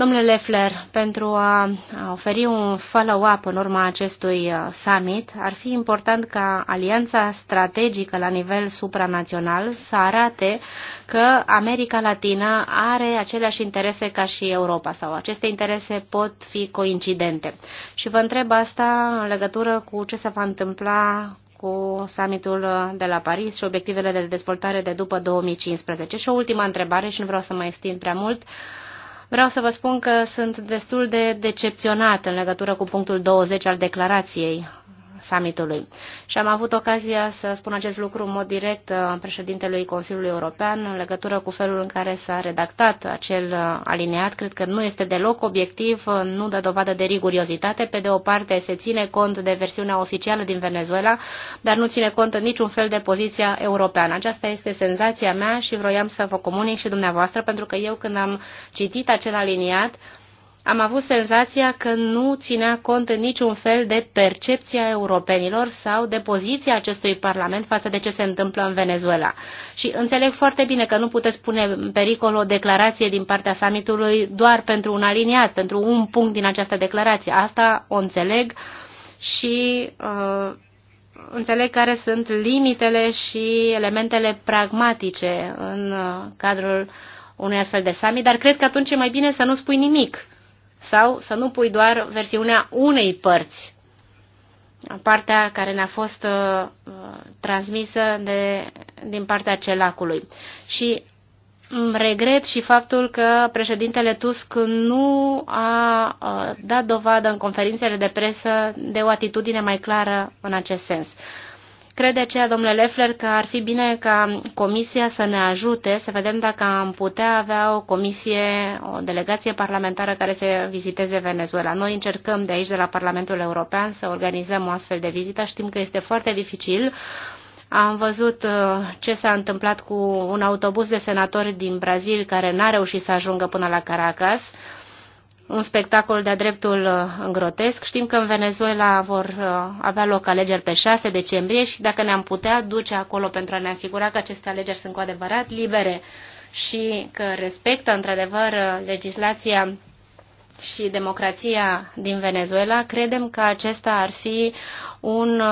Domnule Leffler, pentru a oferi un follow-up în urma acestui uh, summit, ar fi important ca alianța strategică la nivel supranațional să arate că America Latină are aceleași interese ca și Europa sau aceste interese pot fi coincidente. Și vă întreb asta în legătură cu ce se va întâmpla cu summitul uh, de la Paris și obiectivele de dezvoltare de după 2015. Și o ultimă întrebare și nu vreau să mai extind prea mult. Uh, Vreau să vă spun că sunt destul de decepționat în legătură cu punctul 20 al declarației summitului. Și am avut ocazia să spun acest lucru în mod direct uh, președintelui Consiliului European în legătură cu felul în care s-a redactat acel uh, aliniat. Cred că nu este deloc obiectiv, uh, nu dă dovadă de riguriozitate. Pe de o parte se ține cont de versiunea oficială din Venezuela, dar nu ține cont în niciun fel de poziția europeană. Aceasta este senzația mea și vroiam să vă comunic și dumneavoastră, pentru că eu când am citit acel aliniat, am avut senzația că nu ținea cont în niciun fel de percepția europenilor sau de poziția acestui Parlament față de ce se întâmplă în Venezuela. Și înțeleg foarte bine că nu puteți pune în pericol o declarație din partea summitului doar pentru un aliniat, pentru un punct din această declarație. Asta o înțeleg și uh, înțeleg care sunt limitele și elementele pragmatice în uh, cadrul unui astfel de summit, dar cred că atunci e mai bine să nu spui nimic sau să nu pui doar versiunea unei părți, partea care ne-a fost uh, transmisă de, din partea celacului. Și regret și faptul că președintele Tusk nu a uh, dat dovadă în conferințele de presă de o atitudine mai clară în acest sens. Cred de aceea, domnule Leffler, că ar fi bine ca comisia să ne ajute să vedem dacă am putea avea o comisie, o delegație parlamentară care să viziteze Venezuela. Noi încercăm de aici, de la Parlamentul European, să organizăm o astfel de vizită. Știm că este foarte dificil. Am văzut uh, ce s-a întâmplat cu un autobuz de senatori din Brazil care n-a reușit să ajungă până la Caracas un spectacol de-a dreptul uh, grotesc. Știm că în Venezuela vor uh, avea loc alegeri pe 6 decembrie și dacă ne-am putea duce acolo pentru a ne asigura că aceste alegeri sunt cu adevărat libere și că respectă într-adevăr uh, legislația și democrația din Venezuela, credem că acesta ar fi un,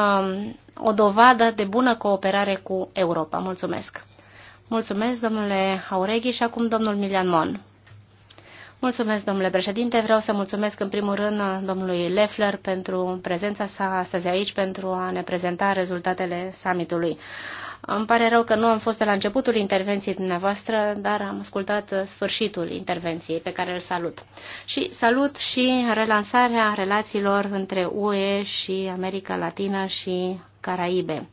o dovadă de bună cooperare cu Europa. Mulțumesc! Mulțumesc, domnule Aureghi, și acum domnul Milian Mon. Mulțumesc, domnule președinte. Vreau să mulțumesc în primul rând domnului Leffler pentru prezența sa astăzi aici pentru a ne prezenta rezultatele summitului. Îmi pare rău că nu am fost de la începutul intervenției dumneavoastră, dar am ascultat sfârșitul intervenției pe care îl salut. Și salut și relansarea relațiilor între UE și America Latină și Caraibe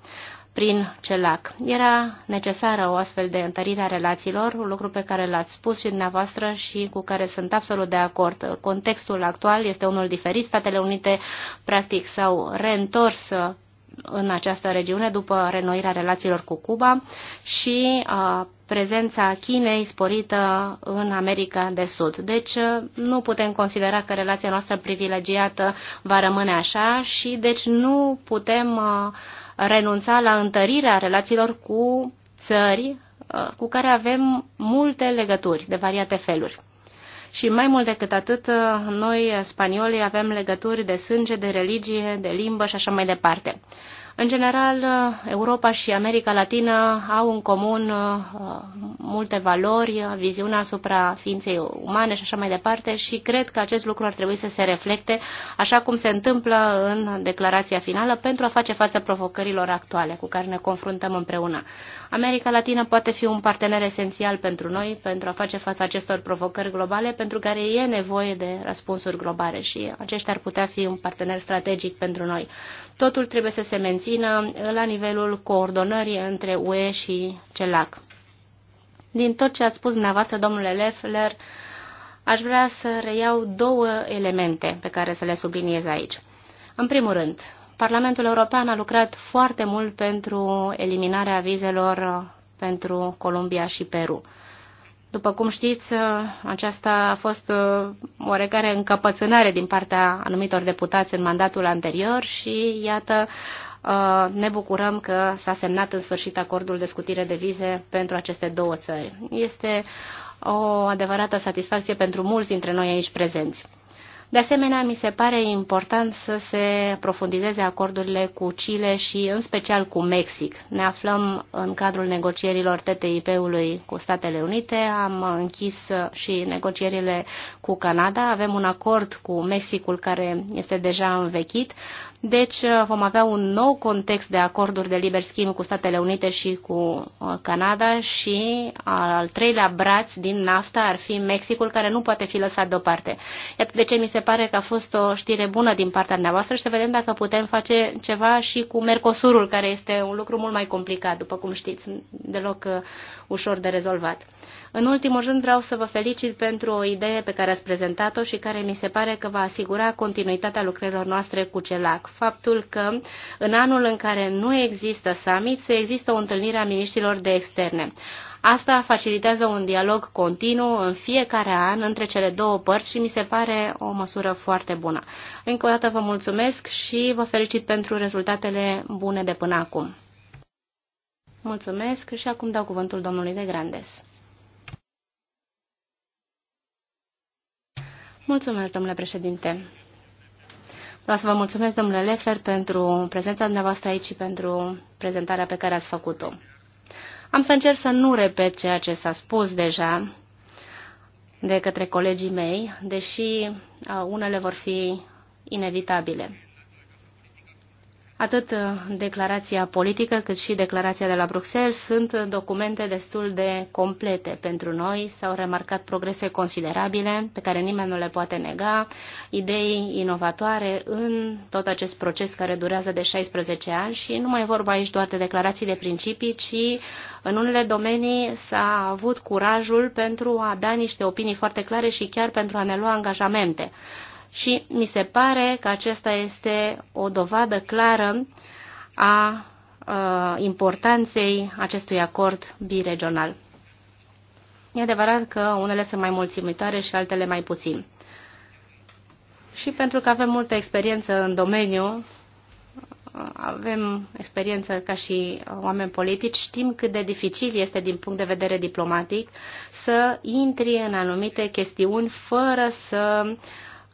prin CELAC. Era necesară o astfel de întărire a relațiilor, un lucru pe care l-ați spus și dumneavoastră și cu care sunt absolut de acord. Contextul actual este unul diferit. Statele Unite, practic, s-au reîntors în această regiune după renoirea relațiilor cu Cuba și a, prezența Chinei sporită în America de Sud. Deci nu putem considera că relația noastră privilegiată va rămâne așa și deci nu putem a, renunța la întărirea relațiilor cu țări uh, cu care avem multe legături de variate feluri. Și mai mult decât atât, uh, noi, spaniolii, avem legături de sânge, de religie, de limbă și așa mai departe. În general, Europa și America Latină au în comun uh, multe valori, viziunea asupra ființei umane și așa mai departe și cred că acest lucru ar trebui să se reflecte așa cum se întâmplă în declarația finală pentru a face față provocărilor actuale cu care ne confruntăm împreună. America Latină poate fi un partener esențial pentru noi pentru a face față acestor provocări globale pentru care e nevoie de răspunsuri globale și aceștia ar putea fi un partener strategic pentru noi totul trebuie să se mențină la nivelul coordonării între UE și CELAC. Din tot ce ați spus dumneavoastră, domnule Leffler, aș vrea să reiau două elemente pe care să le subliniez aici. În primul rând, Parlamentul European a lucrat foarte mult pentru eliminarea vizelor pentru Columbia și Peru. După cum știți, aceasta a fost uh, oarecare încăpățânare din partea anumitor deputați în mandatul anterior și, iată, uh, ne bucurăm că s-a semnat în sfârșit acordul de scutire de vize pentru aceste două țări. Este o adevărată satisfacție pentru mulți dintre noi aici prezenți. De asemenea, mi se pare important să se profundizeze acordurile cu Chile și în special cu Mexic. Ne aflăm în cadrul negocierilor TTIP-ului cu Statele Unite, am închis și negocierile cu Canada, avem un acord cu Mexicul care este deja învechit, deci uh, vom avea un nou context de acorduri de liber schimb cu Statele Unite și cu uh, Canada și al treilea braț din NAFTA ar fi Mexicul, care nu poate fi lăsat deoparte. Iată de ce mi se pare că a fost o știre bună din partea dumneavoastră și să vedem dacă putem face ceva și cu Mercosurul, care este un lucru mult mai complicat, după cum știți, deloc uh, ușor de rezolvat. În ultimul rând vreau să vă felicit pentru o idee pe care ați prezentat-o și care mi se pare că va asigura continuitatea lucrărilor noastre cu CELAC. Faptul că în anul în care nu există summit, să există o întâlnire a miniștrilor de externe. Asta facilitează un dialog continuu în fiecare an între cele două părți și mi se pare o măsură foarte bună. Încă o dată vă mulțumesc și vă felicit pentru rezultatele bune de până acum. Mulțumesc și acum dau cuvântul domnului de Grandes. Mulțumesc, domnule președinte. Vreau să vă mulțumesc, domnule Leffler, pentru prezența dumneavoastră aici și pentru prezentarea pe care ați făcut-o. Am să încerc să nu repet ceea ce s-a spus deja de către colegii mei, deși uh, unele vor fi inevitabile. Atât uh, declarația politică cât și declarația de la Bruxelles sunt uh, documente destul de complete pentru noi. S-au remarcat progrese considerabile pe care nimeni nu le poate nega, idei inovatoare în tot acest proces care durează de 16 ani și nu mai e vorba aici doar de declarații de principii, ci în unele domenii s-a avut curajul pentru a da niște opinii foarte clare și chiar pentru a ne lua angajamente și mi se pare că acesta este o dovadă clară a importanței acestui acord biregional. E adevărat că unele sunt mai mulțumitoare și altele mai puțin. Și pentru că avem multă experiență în domeniu, avem experiență ca și oameni politici, știm cât de dificil este din punct de vedere diplomatic să intri în anumite chestiuni fără să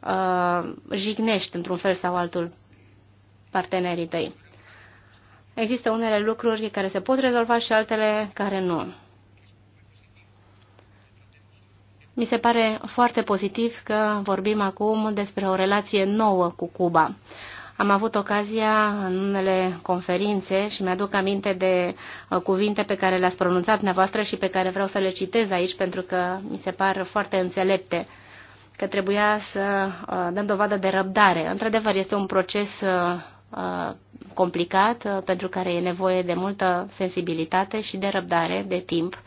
Uh, jignești într-un fel sau altul partenerii tăi. Există unele lucruri care se pot rezolva și altele care nu. Mi se pare foarte pozitiv că vorbim acum despre o relație nouă cu Cuba. Am avut ocazia în unele conferințe și mi-aduc aminte de uh, cuvinte pe care le-ați pronunțat dumneavoastră și pe care vreau să le citez aici pentru că mi se par foarte înțelepte că trebuia să uh, dăm dovadă de răbdare. Într-adevăr, este un proces uh, uh, complicat pentru care e nevoie de multă sensibilitate și de răbdare, de timp.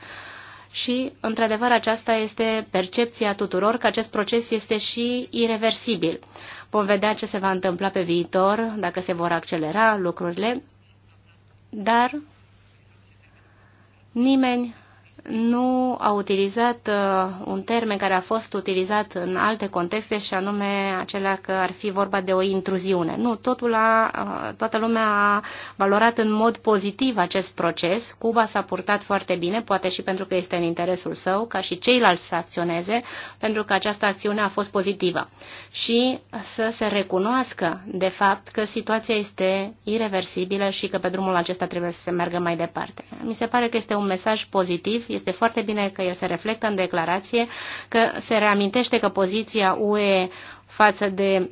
Și, într-adevăr, aceasta este percepția tuturor că acest proces este și irreversibil. Vom vedea ce se va întâmpla pe viitor, dacă se vor accelera lucrurile, dar nimeni nu a utilizat uh, un termen care a fost utilizat în alte contexte și anume acela că ar fi vorba de o intruziune. Nu, totul a, uh, toată lumea a valorat în mod pozitiv acest proces. Cuba s-a purtat foarte bine, poate și pentru că este în interesul său, ca și ceilalți să acționeze, pentru că această acțiune a fost pozitivă. Și să se recunoască, de fapt, că situația este irreversibilă și că pe drumul acesta trebuie să se meargă mai departe. Mi se pare că este un mesaj pozitiv, este foarte bine că el se reflectă în declarație, că se reamintește că poziția UE față de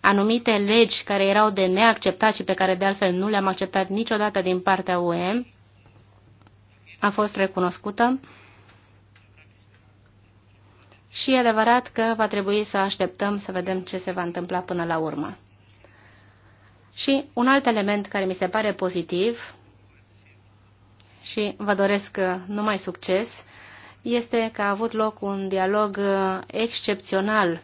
anumite legi care erau de neacceptat și pe care de altfel nu le-am acceptat niciodată din partea UE a fost recunoscută. Și e adevărat că va trebui să așteptăm să vedem ce se va întâmpla până la urmă. Și un alt element care mi se pare pozitiv și vă doresc uh, numai succes, este că a avut loc un dialog uh, excepțional,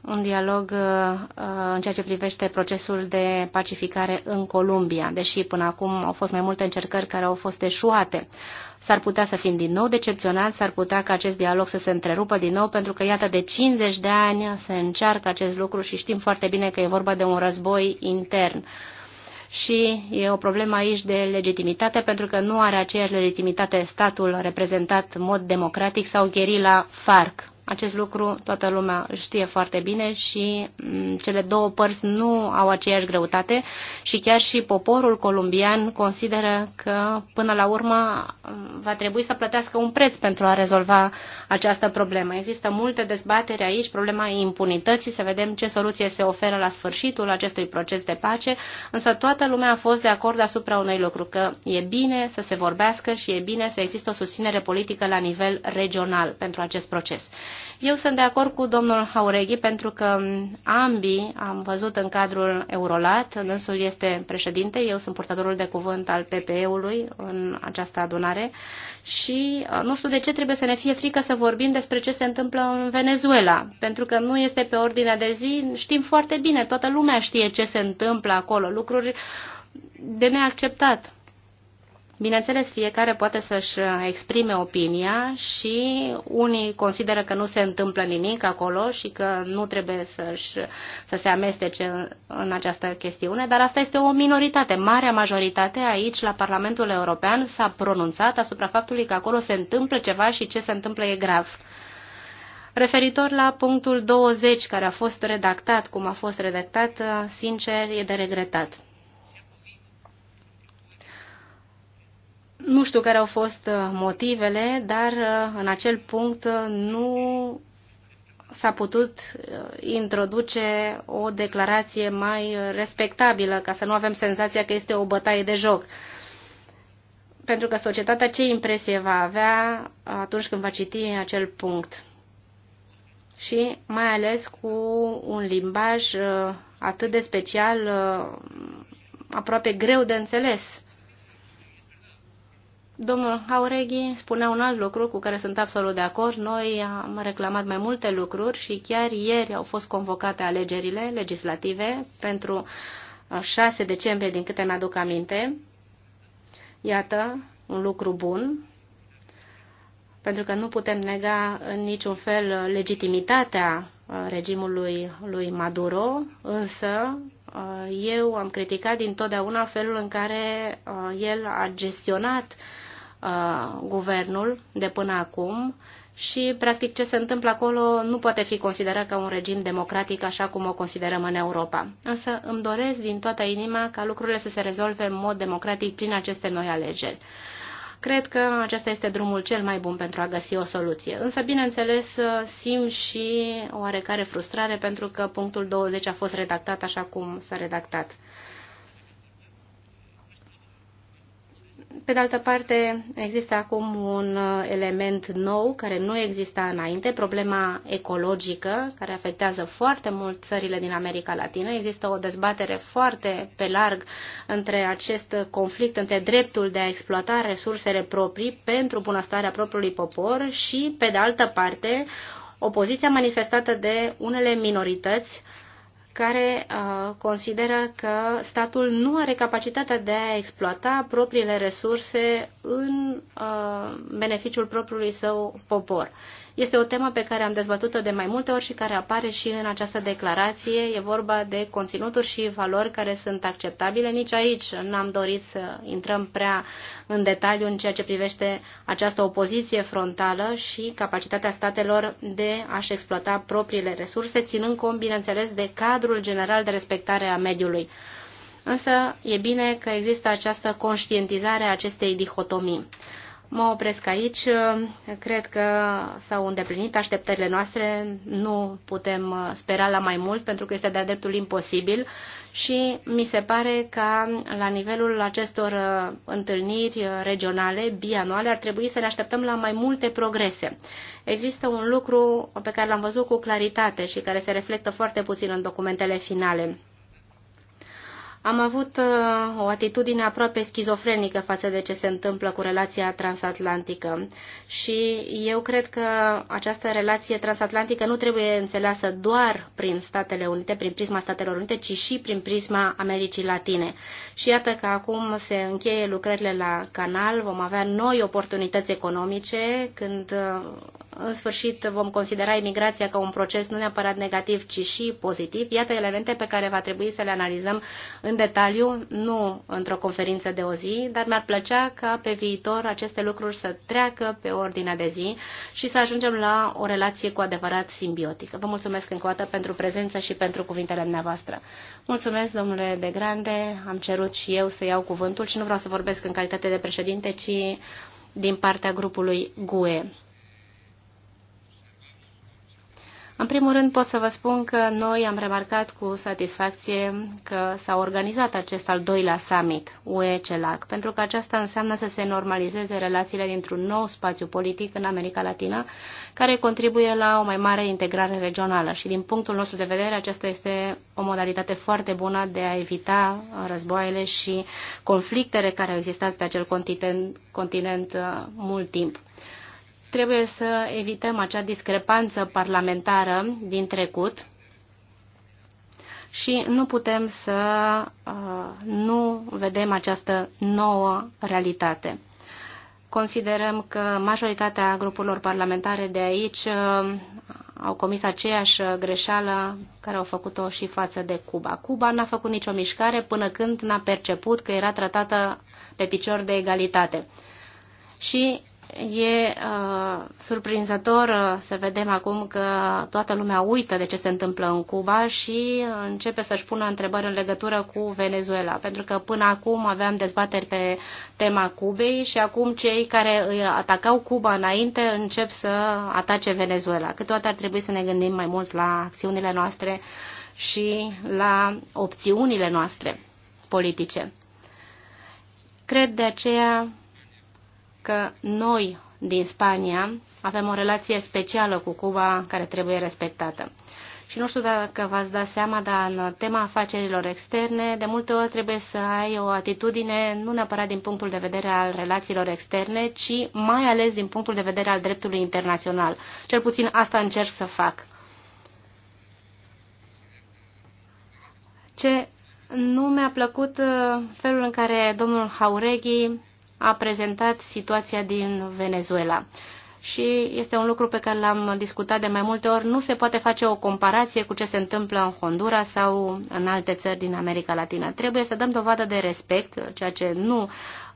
un dialog uh, în ceea ce privește procesul de pacificare în Columbia, deși până acum au fost mai multe încercări care au fost eșuate. S-ar putea să fim din nou decepționați, s-ar putea ca acest dialog să se întrerupă din nou, pentru că, iată, de 50 de ani se încearcă acest lucru și știm foarte bine că e vorba de un război intern și e o problemă aici de legitimitate pentru că nu are aceeași legitimitate statul reprezentat în mod democratic sau gherila FARC. Acest lucru toată lumea știe foarte bine și mm, cele două părți nu au aceeași greutate și chiar și poporul columbian consideră că până la urmă mm, va trebui să plătească un preț pentru a rezolva această problemă. Există multe dezbateri aici, problema impunității, să vedem ce soluție se oferă la sfârșitul acestui proces de pace, însă toată lumea a fost de acord asupra unui lucru, că e bine să se vorbească și e bine să există o susținere politică la nivel regional pentru acest proces. Eu sunt de acord cu domnul Haureghi pentru că ambii am văzut în cadrul Eurolat, însul este președinte, eu sunt purtătorul de cuvânt al PPE-ului în această adunare și uh, nu știu de ce trebuie să ne fie frică să vorbim despre ce se întâmplă în Venezuela, pentru că nu este pe ordinea de zi, știm foarte bine, toată lumea știe ce se întâmplă acolo, lucruri de neacceptat. Bineînțeles, fiecare poate să-și uh, exprime opinia și unii consideră că nu se întâmplă nimic acolo și că nu trebuie să-și, să se amestece în, în această chestiune, dar asta este o minoritate. Marea majoritate aici, la Parlamentul European, s-a pronunțat asupra faptului că acolo se întâmplă ceva și ce se întâmplă e grav. Referitor la punctul 20 care a fost redactat, cum a fost redactat, uh, sincer, e de regretat. Nu știu care au fost uh, motivele, dar uh, în acel punct uh, nu s-a putut introduce o declarație mai respectabilă, ca să nu avem senzația că este o bătaie de joc. Pentru că societatea ce impresie va avea atunci când va citi acel punct? Și mai ales cu un limbaj atât de special, aproape greu de înțeles Domnul Haureghi spunea un alt lucru cu care sunt absolut de acord. Noi am reclamat mai multe lucruri și chiar ieri au fost convocate alegerile legislative pentru 6 decembrie, din câte mi-aduc aminte. Iată, un lucru bun, pentru că nu putem nega în niciun fel legitimitatea regimului lui Maduro, însă eu am criticat dintotdeauna felul în care el a gestionat Uh, guvernul de până acum și, practic, ce se întâmplă acolo nu poate fi considerat ca un regim democratic așa cum o considerăm în Europa. Însă îmi doresc din toată inima ca lucrurile să se rezolve în mod democratic prin aceste noi alegeri. Cred că acesta este drumul cel mai bun pentru a găsi o soluție. Însă, bineînțeles, uh, simt și oarecare frustrare pentru că punctul 20 a fost redactat așa cum s-a redactat. Pe de altă parte, există acum un uh, element nou care nu exista înainte, problema ecologică, care afectează foarte mult țările din America Latină. Există o dezbatere foarte pe larg între acest conflict, între dreptul de a exploata resursele proprii pentru bunăstarea propriului popor și, pe de altă parte, opoziția manifestată de unele minorități care uh, consideră că statul nu are capacitatea de a exploata propriile resurse în uh, beneficiul propriului său popor. Uh, este o temă pe care am dezbătut-o de mai multe ori și care apare și în această declarație. E vorba de conținuturi și valori care sunt acceptabile. Nici aici n-am dorit să intrăm prea în detaliu în ceea ce privește această opoziție frontală și capacitatea statelor de a-și exploata propriile resurse, ținând cont, bineînțeles, de cadrul general de respectare a mediului. Însă e bine că există această conștientizare a acestei dihotomii. Mă opresc aici. Cred că s-au îndeplinit așteptările noastre. Nu putem uh, spera la mai mult pentru că este de-a dreptul imposibil și mi se pare că la nivelul acestor uh, întâlniri uh, regionale, bianuale, ar trebui să ne așteptăm la mai multe progrese. Există un lucru pe care l-am văzut cu claritate și care se reflectă foarte puțin în documentele finale am avut uh, o atitudine aproape schizofrenică față de ce se întâmplă cu relația transatlantică și eu cred că această relație transatlantică nu trebuie înțeleasă doar prin Statele Unite, prin prisma Statelor Unite, ci și prin prisma Americii Latine. Și iată că acum se încheie lucrările la canal, vom avea noi oportunități economice când uh, în sfârșit vom considera imigrația ca un proces nu neapărat negativ, ci și pozitiv. Iată elemente pe care va trebui să le analizăm în detaliu, nu într-o conferință de o zi, dar mi-ar plăcea ca pe viitor aceste lucruri să treacă pe ordinea de zi și să ajungem la o relație cu adevărat simbiotică. Vă mulțumesc încă o dată pentru prezență și pentru cuvintele dumneavoastră. Mulțumesc, domnule de Grande, am cerut și eu să iau cuvântul și nu vreau să vorbesc în calitate de președinte, ci din partea grupului GUE. În primul rând pot să vă spun că noi am remarcat cu satisfacție că s-a organizat acest al doilea summit UE-CELAC, pentru că aceasta înseamnă să se normalizeze relațiile dintr-un nou spațiu politic în America Latină, care contribuie la o mai mare integrare regională și din punctul nostru de vedere aceasta este o modalitate foarte bună de a evita războaiele și conflictele care au existat pe acel continent, continent uh, mult timp. Trebuie să evităm acea discrepanță parlamentară din trecut și nu putem să uh, nu vedem această nouă realitate. Considerăm că majoritatea grupurilor parlamentare de aici uh, au comis aceeași greșeală care au făcut-o și față de Cuba. Cuba n-a făcut nicio mișcare până când n-a perceput că era tratată pe picior de egalitate. Și E uh, surprinzător uh, să vedem acum că toată lumea uită de ce se întâmplă în Cuba și uh, începe să-și pună întrebări în legătură cu Venezuela. Pentru că până acum aveam dezbateri pe tema Cubei și acum cei care îi uh, atacau Cuba înainte încep să atace Venezuela. Câteodată ar trebui să ne gândim mai mult la acțiunile noastre și la opțiunile noastre politice. Cred de aceea că noi din Spania avem o relație specială cu Cuba care trebuie respectată. Și nu știu dacă v-ați dat seama, dar în tema afacerilor externe, de multe ori trebuie să ai o atitudine nu neapărat din punctul de vedere al relațiilor externe, ci mai ales din punctul de vedere al dreptului internațional. Cel puțin asta încerc să fac. Ce nu mi-a plăcut uh, felul în care domnul Haureghi a prezentat situația din Venezuela. Și este un lucru pe care l-am discutat de mai multe ori. Nu se poate face o comparație cu ce se întâmplă în Honduras sau în alte țări din America Latină. Trebuie să dăm dovadă de respect, ceea ce nu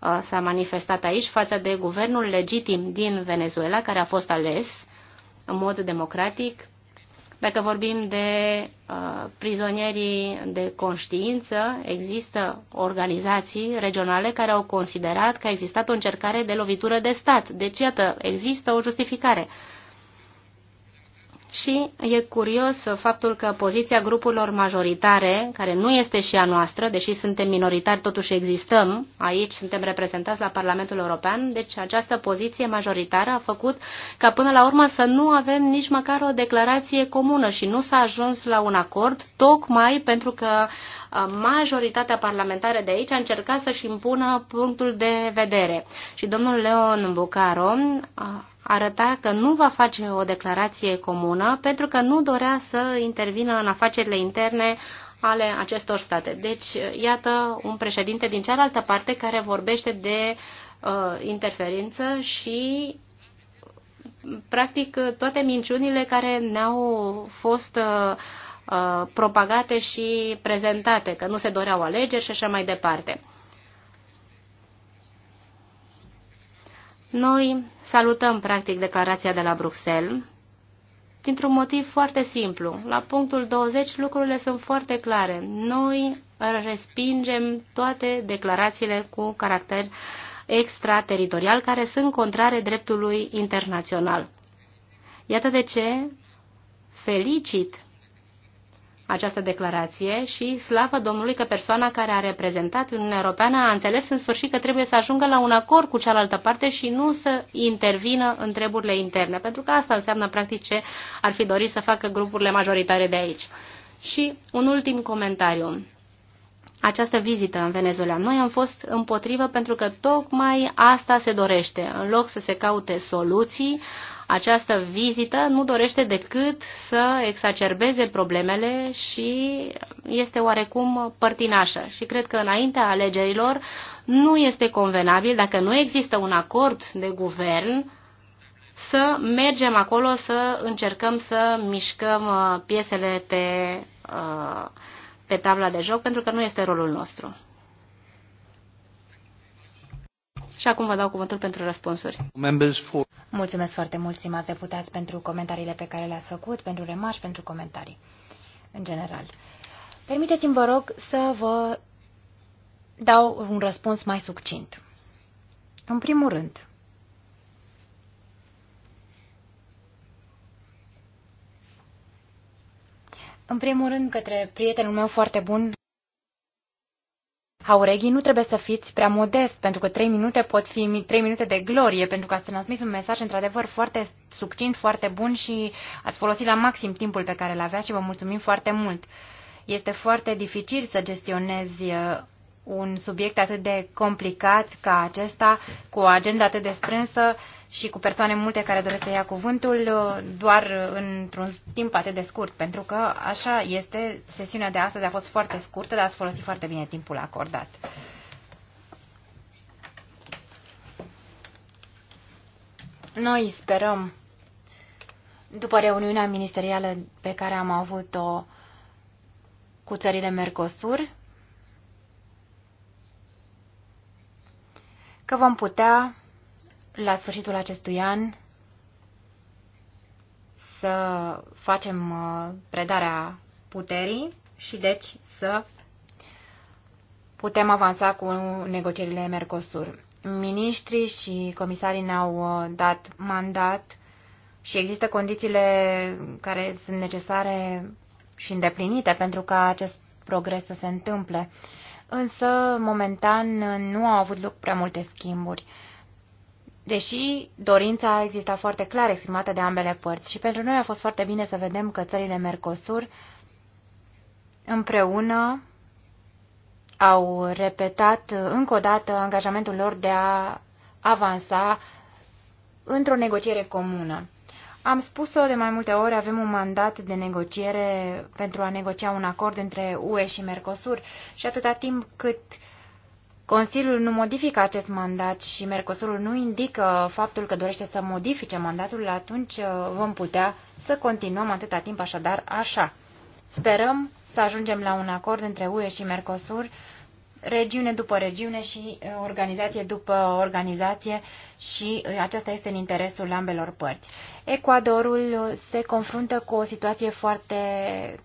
uh, s-a manifestat aici, față de guvernul legitim din Venezuela, care a fost ales în mod democratic dacă vorbim de uh, prizonierii de conștiință, există organizații regionale care au considerat că a existat o încercare de lovitură de stat. Deci, iată, există o justificare. Uh, și e curios faptul că poziția grupurilor majoritare, care nu este și a noastră, deși suntem minoritari, totuși existăm aici, suntem reprezentați la Parlamentul European, deci această poziție majoritară a făcut ca până la urmă să nu avem nici măcar o declarație comună și nu s-a ajuns la un acord, tocmai pentru că majoritatea parlamentară de aici a încercat să-și impună punctul de vedere. Și domnul Leon Bucaro arăta că nu va face o declarație comună pentru că nu dorea să intervină în afacerile interne ale acestor state. Deci, iată un președinte din cealaltă parte care vorbește de uh, interferință și, practic, toate minciunile care ne-au fost uh, uh propagate și prezentate, că nu se doreau alegeri și așa mai departe. Noi salutăm, practic, declarația de la Bruxelles, dintr-un motiv foarte simplu. La punctul 20 lucrurile sunt foarte clare. Noi respingem toate declarațiile cu caracter extrateritorial care sunt contrare dreptului internațional. Iată de ce felicit această declarație și slavă Domnului că persoana care a reprezentat Uniunea Europeană a înțeles în sfârșit că trebuie să ajungă la un acord cu cealaltă parte și nu să intervină în treburile interne, pentru că asta înseamnă practic ce ar fi dorit să facă grupurile majoritare de aici. Și un ultim comentariu această vizită în Venezuela. Noi am fost împotrivă pentru că tocmai asta se dorește. În loc să se caute soluții, această vizită nu dorește decât să exacerbeze problemele și este oarecum părtinașă. Și cred că înaintea alegerilor nu este convenabil, dacă nu există un acord de guvern, să mergem acolo să încercăm să mișcăm uh, piesele pe, uh, pe tabla de joc, pentru că nu este rolul nostru. Și acum vă dau cuvântul pentru răspunsuri. Mulțumesc foarte mult, stimați deputați, pentru comentariile pe care le-ați făcut, pentru remarci, pentru comentarii, în general. Permiteți-mi, vă rog, să vă dau un răspuns mai succint. În primul rând, În primul rând, către prietenul meu foarte bun, Haureghi, nu trebuie să fiți prea modest, pentru că trei minute pot fi trei minute de glorie, pentru că ați transmis un mesaj într-adevăr foarte succint, foarte bun și ați folosit la maxim timpul pe care l avea și vă mulțumim foarte mult. Este foarte dificil să gestionezi uh, un subiect atât de complicat ca acesta, cu o agenda atât de strânsă și cu persoane multe care doresc să ia cuvântul doar într-un timp atât de scurt, pentru că așa este, sesiunea de astăzi a fost foarte scurtă, dar ați folosit foarte bine timpul acordat. Noi sperăm, după reuniunea ministerială pe care am avut-o cu țările Mercosur, că vom putea, la sfârșitul acestui an, să facem uh, predarea puterii și deci să putem avansa cu negocierile Mercosur. Ministrii și comisarii ne-au uh, dat mandat și există condițiile care sunt necesare și îndeplinite pentru ca acest progres să se întâmple însă momentan nu au avut loc prea multe schimburi. Deși dorința a existat foarte clar exprimată de ambele părți și pentru noi a fost foarte bine să vedem că țările Mercosur împreună au repetat încă o dată angajamentul lor de a avansa într-o negociere comună. Am spus-o de mai multe ori, avem un mandat de negociere pentru a negocia un acord între UE și Mercosur și atâta timp cât Consiliul nu modifică acest mandat și Mercosurul nu indică faptul că dorește să modifice mandatul, atunci uh, vom putea să continuăm atâta timp așadar așa. Sperăm să ajungem la un acord între UE și Mercosur regiune după regiune și uh, organizație după organizație și uh, aceasta este în interesul ambelor părți. Ecuadorul uh, se confruntă cu o situație foarte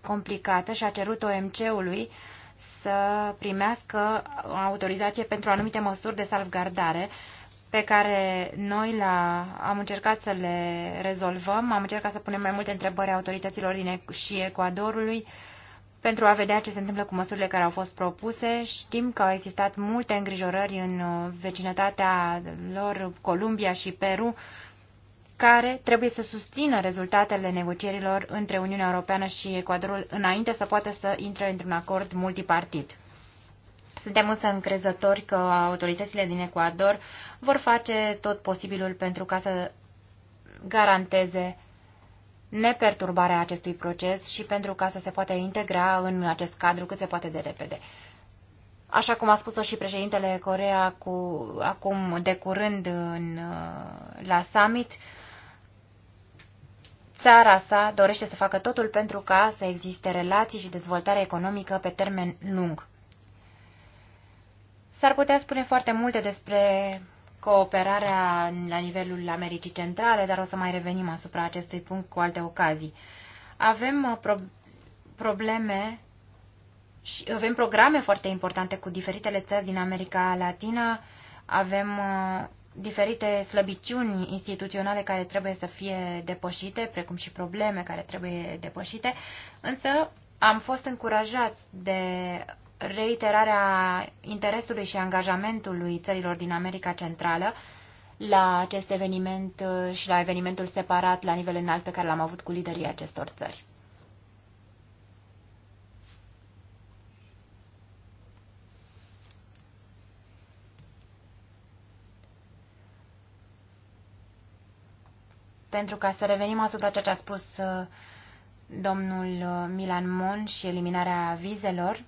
complicată și a cerut OMC-ului să primească autorizație pentru anumite măsuri de salvgardare pe care noi la, am încercat să le rezolvăm, am încercat să punem mai multe întrebări autorităților din, și Ecuadorului, uh, pentru a vedea ce se întâmplă cu măsurile care au fost propuse. Știm că au existat multe îngrijorări în uh, vecinătatea lor, Columbia și Peru, care trebuie să susțină rezultatele negocierilor între Uniunea Europeană și Ecuadorul înainte să poată să intre într-un acord multipartit. Suntem însă încrezători că autoritățile din Ecuador vor face tot posibilul pentru ca să garanteze neperturbarea acestui proces și pentru ca să se poată integra în acest cadru cât se poate de repede. Așa cum a spus-o și președintele Corea cu, acum de curând în, uh, la summit, țara sa dorește să facă totul pentru ca să existe relații și dezvoltare economică pe termen lung. S-ar putea spune foarte multe despre cooperarea la nivelul Americii Centrale, dar o să mai revenim asupra acestui punct cu alte ocazii. Avem uh, pro probleme și avem programe foarte importante cu diferitele țări din America Latină, avem uh, diferite slăbiciuni instituționale care trebuie să fie depășite, precum și probleme care trebuie depășite, însă am fost încurajați de reiterarea interesului și angajamentului țărilor din America Centrală la acest eveniment uh, și la evenimentul separat la nivel înalt pe care l-am avut cu liderii acestor țări. Pentru ca să revenim asupra ceea ce a spus uh, domnul uh, Milan Mon și eliminarea vizelor,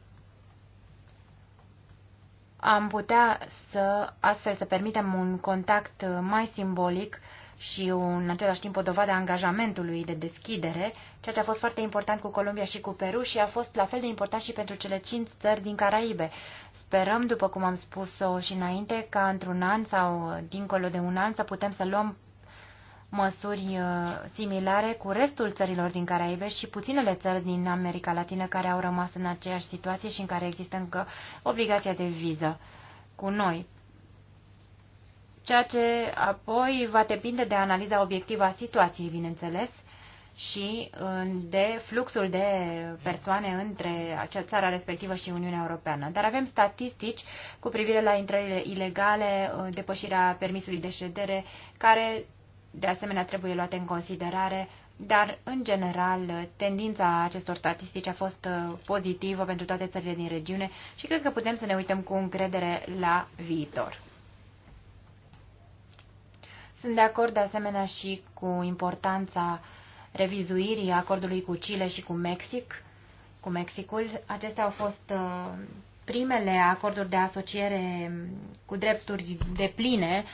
am putea să astfel să permitem un contact mai simbolic și în același timp o dovadă a angajamentului de deschidere, ceea ce a fost foarte important cu Columbia și cu Peru și a fost la fel de important și pentru cele cinci țări din Caraibe. Sperăm, după cum am spus-o și înainte, ca într-un an sau dincolo de un an să putem să luăm măsuri uh, similare cu restul țărilor din Caraibe și puținele țări din America Latină care au rămas în aceeași situație și în care există încă obligația de viză cu noi. Ceea ce apoi va depinde de analiza obiectivă a situației, bineînțeles, și uh, de fluxul de persoane între acea țară respectivă și Uniunea Europeană. Dar avem statistici cu privire la intrările ilegale, uh, depășirea permisului de ședere, care de asemenea trebuie luate în considerare, dar, în general, tendința acestor statistici a fost uh, pozitivă pentru toate țările din regiune și cred că putem să ne uităm cu încredere la viitor. Sunt de acord, de asemenea, și cu importanța revizuirii acordului cu Chile și cu Mexic, cu Mexicul. Acestea au fost uh, primele acorduri de asociere cu drepturi de pline,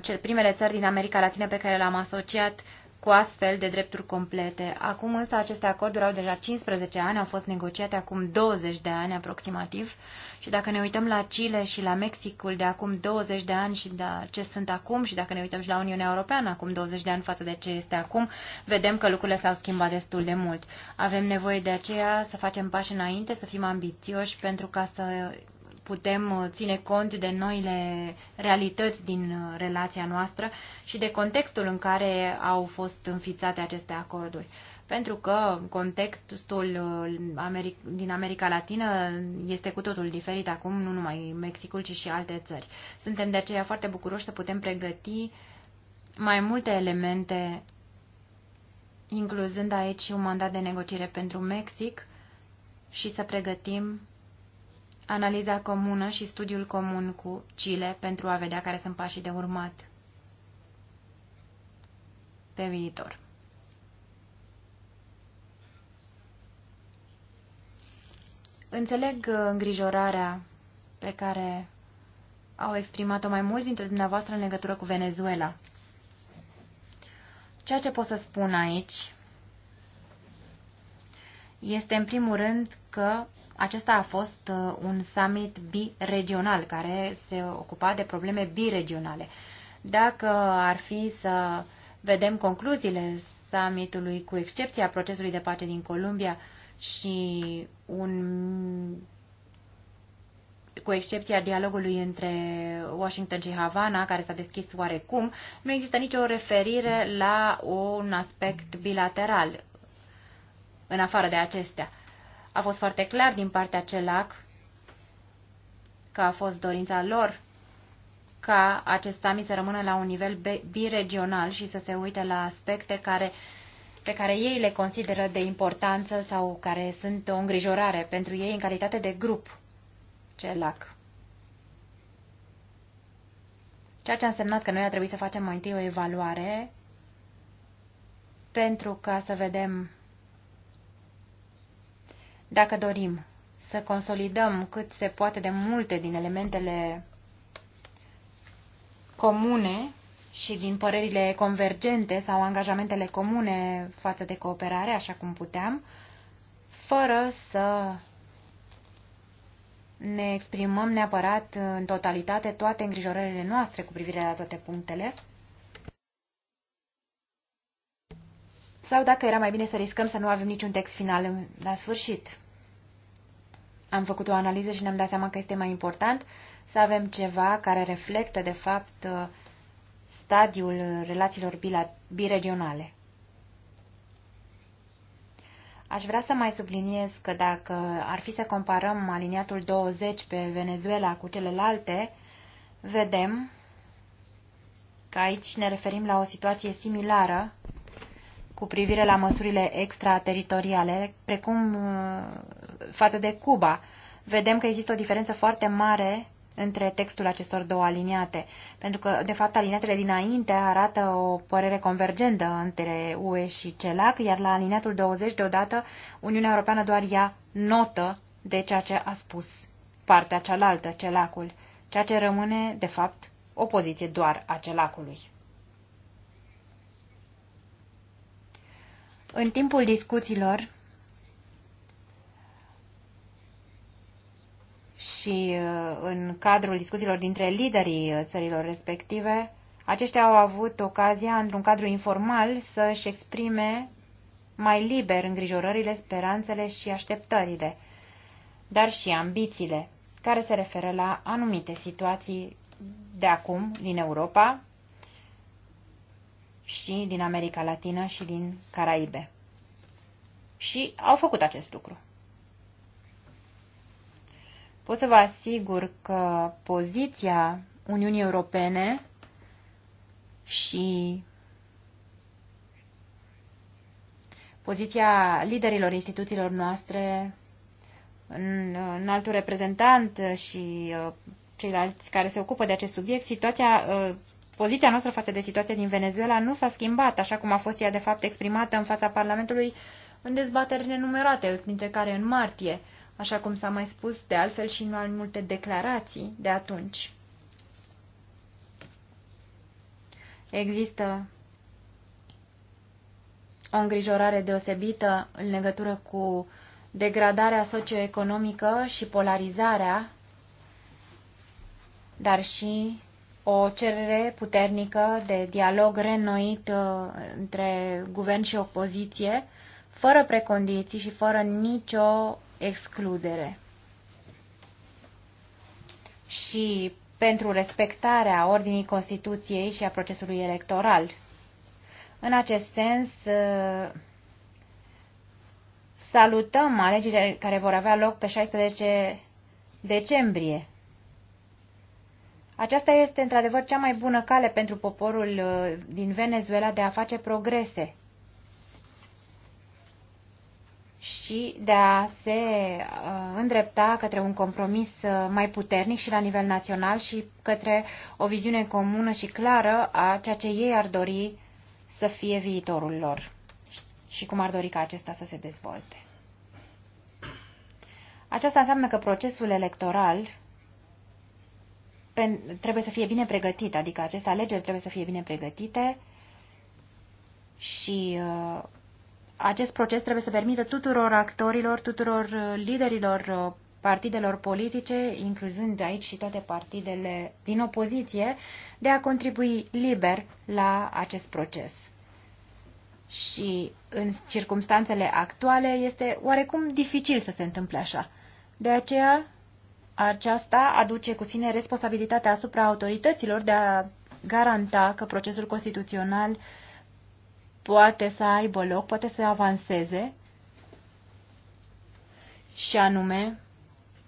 uh, primele țări din America Latină pe care le-am asociat cu astfel de drepturi complete. Acum însă aceste acorduri au deja 15 ani, au fost negociate acum 20 de ani aproximativ și dacă ne uităm la Chile și la Mexicul de acum 20 de ani și de ce sunt acum și dacă ne uităm și la Uniunea Europeană acum 20 de ani față de ce este acum, vedem că lucrurile s-au schimbat destul de mult. Avem nevoie de aceea să facem pași înainte, să fim ambițioși pentru ca să putem uh, ține cont de noile realități din uh, relația noastră și de contextul în care au fost înfițate aceste acorduri. Pentru că contextul uh, din America Latină este cu totul diferit acum, nu numai Mexicul, ci și alte țări. Suntem de aceea foarte bucuroși să putem pregăti mai multe elemente, incluzând aici un mandat de negociere pentru Mexic și să pregătim analiza comună și studiul comun cu Chile pentru a vedea care sunt pașii de urmat pe viitor. Înțeleg uh, îngrijorarea pe care au exprimat-o mai mulți dintre dumneavoastră în legătură cu Venezuela. Ceea ce pot să spun aici este în primul rând că acesta a fost uh, un summit biregional care se ocupa de probleme biregionale. Dacă ar fi să vedem concluziile summitului, cu excepția procesului de pace din Columbia și un cu excepția dialogului între Washington și Havana, care s-a deschis oarecum, nu există nicio referire la un aspect bilateral în afară de acestea. A fost foarte clar din partea CELAC că a fost dorința lor ca acest summit să rămână la un nivel biregional și să se uite la aspecte care, pe care ei le consideră de importanță sau care sunt o îngrijorare pentru ei în calitate de grup CELAC. Ceea ce a însemnat că noi a trebuit să facem mai întâi o evaluare pentru ca să vedem dacă dorim să consolidăm cât se poate de multe din elementele comune și din părerile convergente sau angajamentele comune față de cooperare, așa cum puteam, fără să ne exprimăm neapărat în totalitate toate îngrijorările noastre cu privire la toate punctele. Sau dacă era mai bine să riscăm să nu avem niciun text final la sfârșit. Am făcut o analiză și ne-am dat seama că este mai important să avem ceva care reflectă, de fapt, uh, stadiul relațiilor biregionale. Aș vrea să mai subliniez că dacă ar fi să comparăm aliniatul 20 pe Venezuela cu celelalte, vedem că aici ne referim la o situație similară cu privire la măsurile extrateritoriale, precum uh, față de Cuba. Vedem că există o diferență foarte mare între textul acestor două aliniate, pentru că, de fapt, aliniatele dinainte arată o părere convergentă între UE și CELAC, iar la aliniatul 20, deodată, Uniunea Europeană doar ia notă de ceea ce a spus partea cealaltă, CELAC-ul, ceea ce rămâne, de fapt, o poziție doar a CELAC-ului. În timpul discuțiilor și uh, în cadrul discuțiilor dintre liderii uh, țărilor respective, aceștia au avut ocazia, într-un cadru informal, să-și exprime mai liber îngrijorările, speranțele și așteptările, dar și ambițiile, care se referă la anumite situații de acum din Europa, și din America Latină și din Caraibe. Și au făcut acest lucru. Pot să vă asigur că poziția Uniunii Europene și poziția liderilor instituțiilor noastre, în altul reprezentant și uh, ceilalți care se ocupă de acest subiect, situația uh, Poziția noastră față de situația din Venezuela nu s-a schimbat, așa cum a fost ea de fapt exprimată în fața Parlamentului în dezbateri nenumerate, dintre care în martie, așa cum s-a mai spus de altfel și în multe declarații de atunci. Există o îngrijorare deosebită în legătură cu degradarea socioeconomică și polarizarea, dar și o cerere puternică de dialog reînnoit uh, între guvern și opoziție, fără precondiții și fără nicio excludere. Și pentru respectarea ordinii Constituției și a procesului electoral. În acest sens, uh, salutăm alegerile care vor avea loc pe 16 decembrie aceasta este într-adevăr cea mai bună cale pentru poporul uh, din Venezuela de a face progrese și de a se uh, îndrepta către un compromis uh, mai puternic și la nivel național și către o viziune comună și clară a ceea ce ei ar dori să fie viitorul lor și cum ar dori ca acesta să se dezvolte. Aceasta înseamnă că procesul electoral trebuie să fie bine pregătită, adică aceste alegeri trebuie să fie bine pregătite și uh, acest proces trebuie să permită tuturor actorilor, tuturor uh, liderilor uh, partidelor politice, incluzând aici și toate partidele din opoziție, de a contribui liber la acest proces. Și în circumstanțele actuale este oarecum dificil să se întâmple așa. De aceea aceasta aduce cu sine responsabilitatea asupra autorităților de a garanta că procesul constituțional poate să aibă loc, poate să avanseze și anume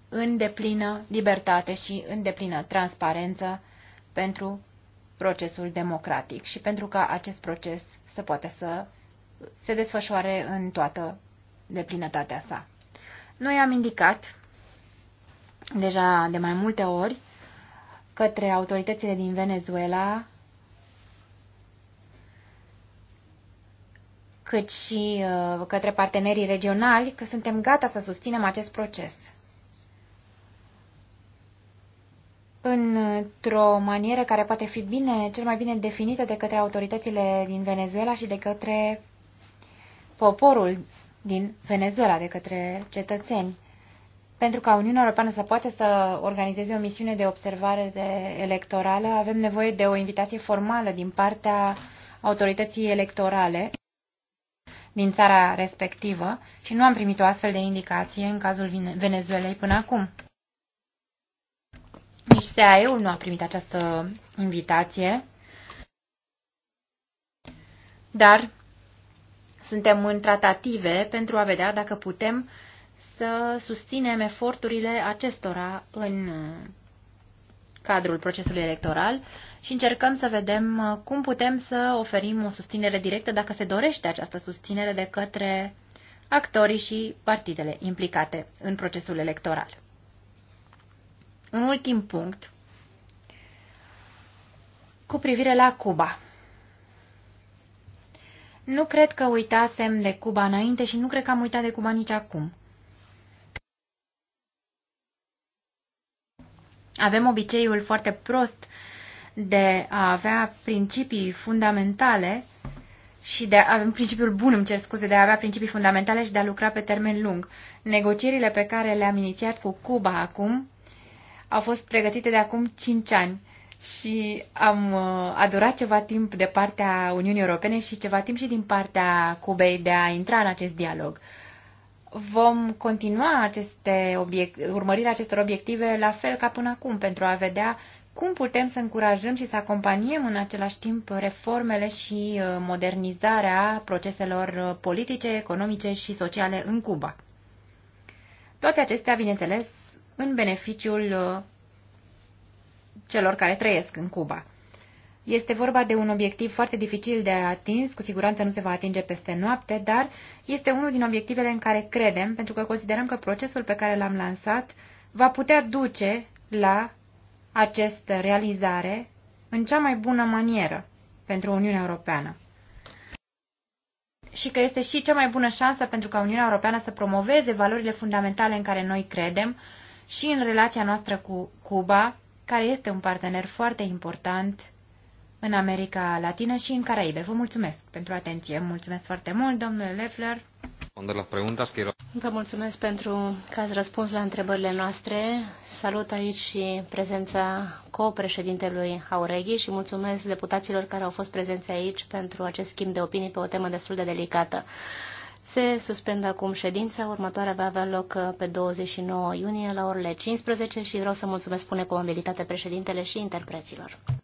în deplină libertate și în deplină transparență pentru procesul democratic și pentru ca acest proces să poată să se desfășoare în toată deplinătatea sa. Noi am indicat deja de mai multe ori către autoritățile din Venezuela, cât și uh, către partenerii regionali, că suntem gata să susținem acest proces. într-o manieră care poate fi bine, cel mai bine definită de către autoritățile din Venezuela și de către poporul din Venezuela, de către cetățeni pentru ca Uniunea Europeană să poată să organizeze o misiune de observare de electorală, avem nevoie de o invitație formală din partea autorității electorale din țara respectivă și nu am primit o astfel de indicație în cazul Venezuelei până acum. Nici SAE-ul nu a primit această invitație, dar suntem în tratative pentru a vedea dacă putem uh, să susținem eforturile acestora în cadrul procesului electoral și încercăm să vedem cum putem să oferim o susținere directă dacă se dorește această susținere de către actorii și partidele implicate în procesul electoral. Un ultim punct cu privire la Cuba. Nu cred că uitasem de Cuba înainte și nu cred că am uitat de Cuba nici acum. Avem obiceiul foarte prost de a avea principii fundamentale și de a avea principiul bun, îmi cer scuze, de a avea principii fundamentale și de a lucra pe termen lung. Negocierile pe care le-am inițiat cu Cuba acum au fost pregătite de acum 5 ani și am uh, adorat ceva timp de partea Uniunii Europene și ceva timp și din partea Cubei de a intra în acest dialog vom continua aceste obiect- urmărirea acestor obiective la fel ca până acum, pentru a vedea cum putem să încurajăm și să acompaniem în același timp reformele și uh, modernizarea proceselor uh, politice, economice și sociale în Cuba. Toate acestea, bineînțeles, în beneficiul uh, celor care trăiesc în Cuba. Este vorba de un obiectiv foarte dificil de atins, cu siguranță nu se va atinge peste noapte, dar este unul din obiectivele în care credem, pentru că considerăm că procesul pe care l-am lansat va putea duce la această realizare în cea mai bună manieră pentru Uniunea Europeană. Și că este și cea mai bună șansă pentru ca Uniunea Europeană să promoveze valorile fundamentale în care noi credem și în relația noastră cu Cuba, care este un partener foarte important în America Latină și în Caraibe. Vă mulțumesc pentru atenție. Mulțumesc foarte mult, domnule Leffler. Vă mulțumesc pentru că ați răspuns la întrebările noastre. Salut aici și prezența co-președintelui Aureghi și mulțumesc deputaților care au fost prezenți aici pentru acest schimb de opinii pe o temă destul de delicată. Se suspendă acum ședința, următoarea va avea loc pe 29 iunie la orele 15 și vreau să mulțumesc pune cu mobilitate președintele și interpreților.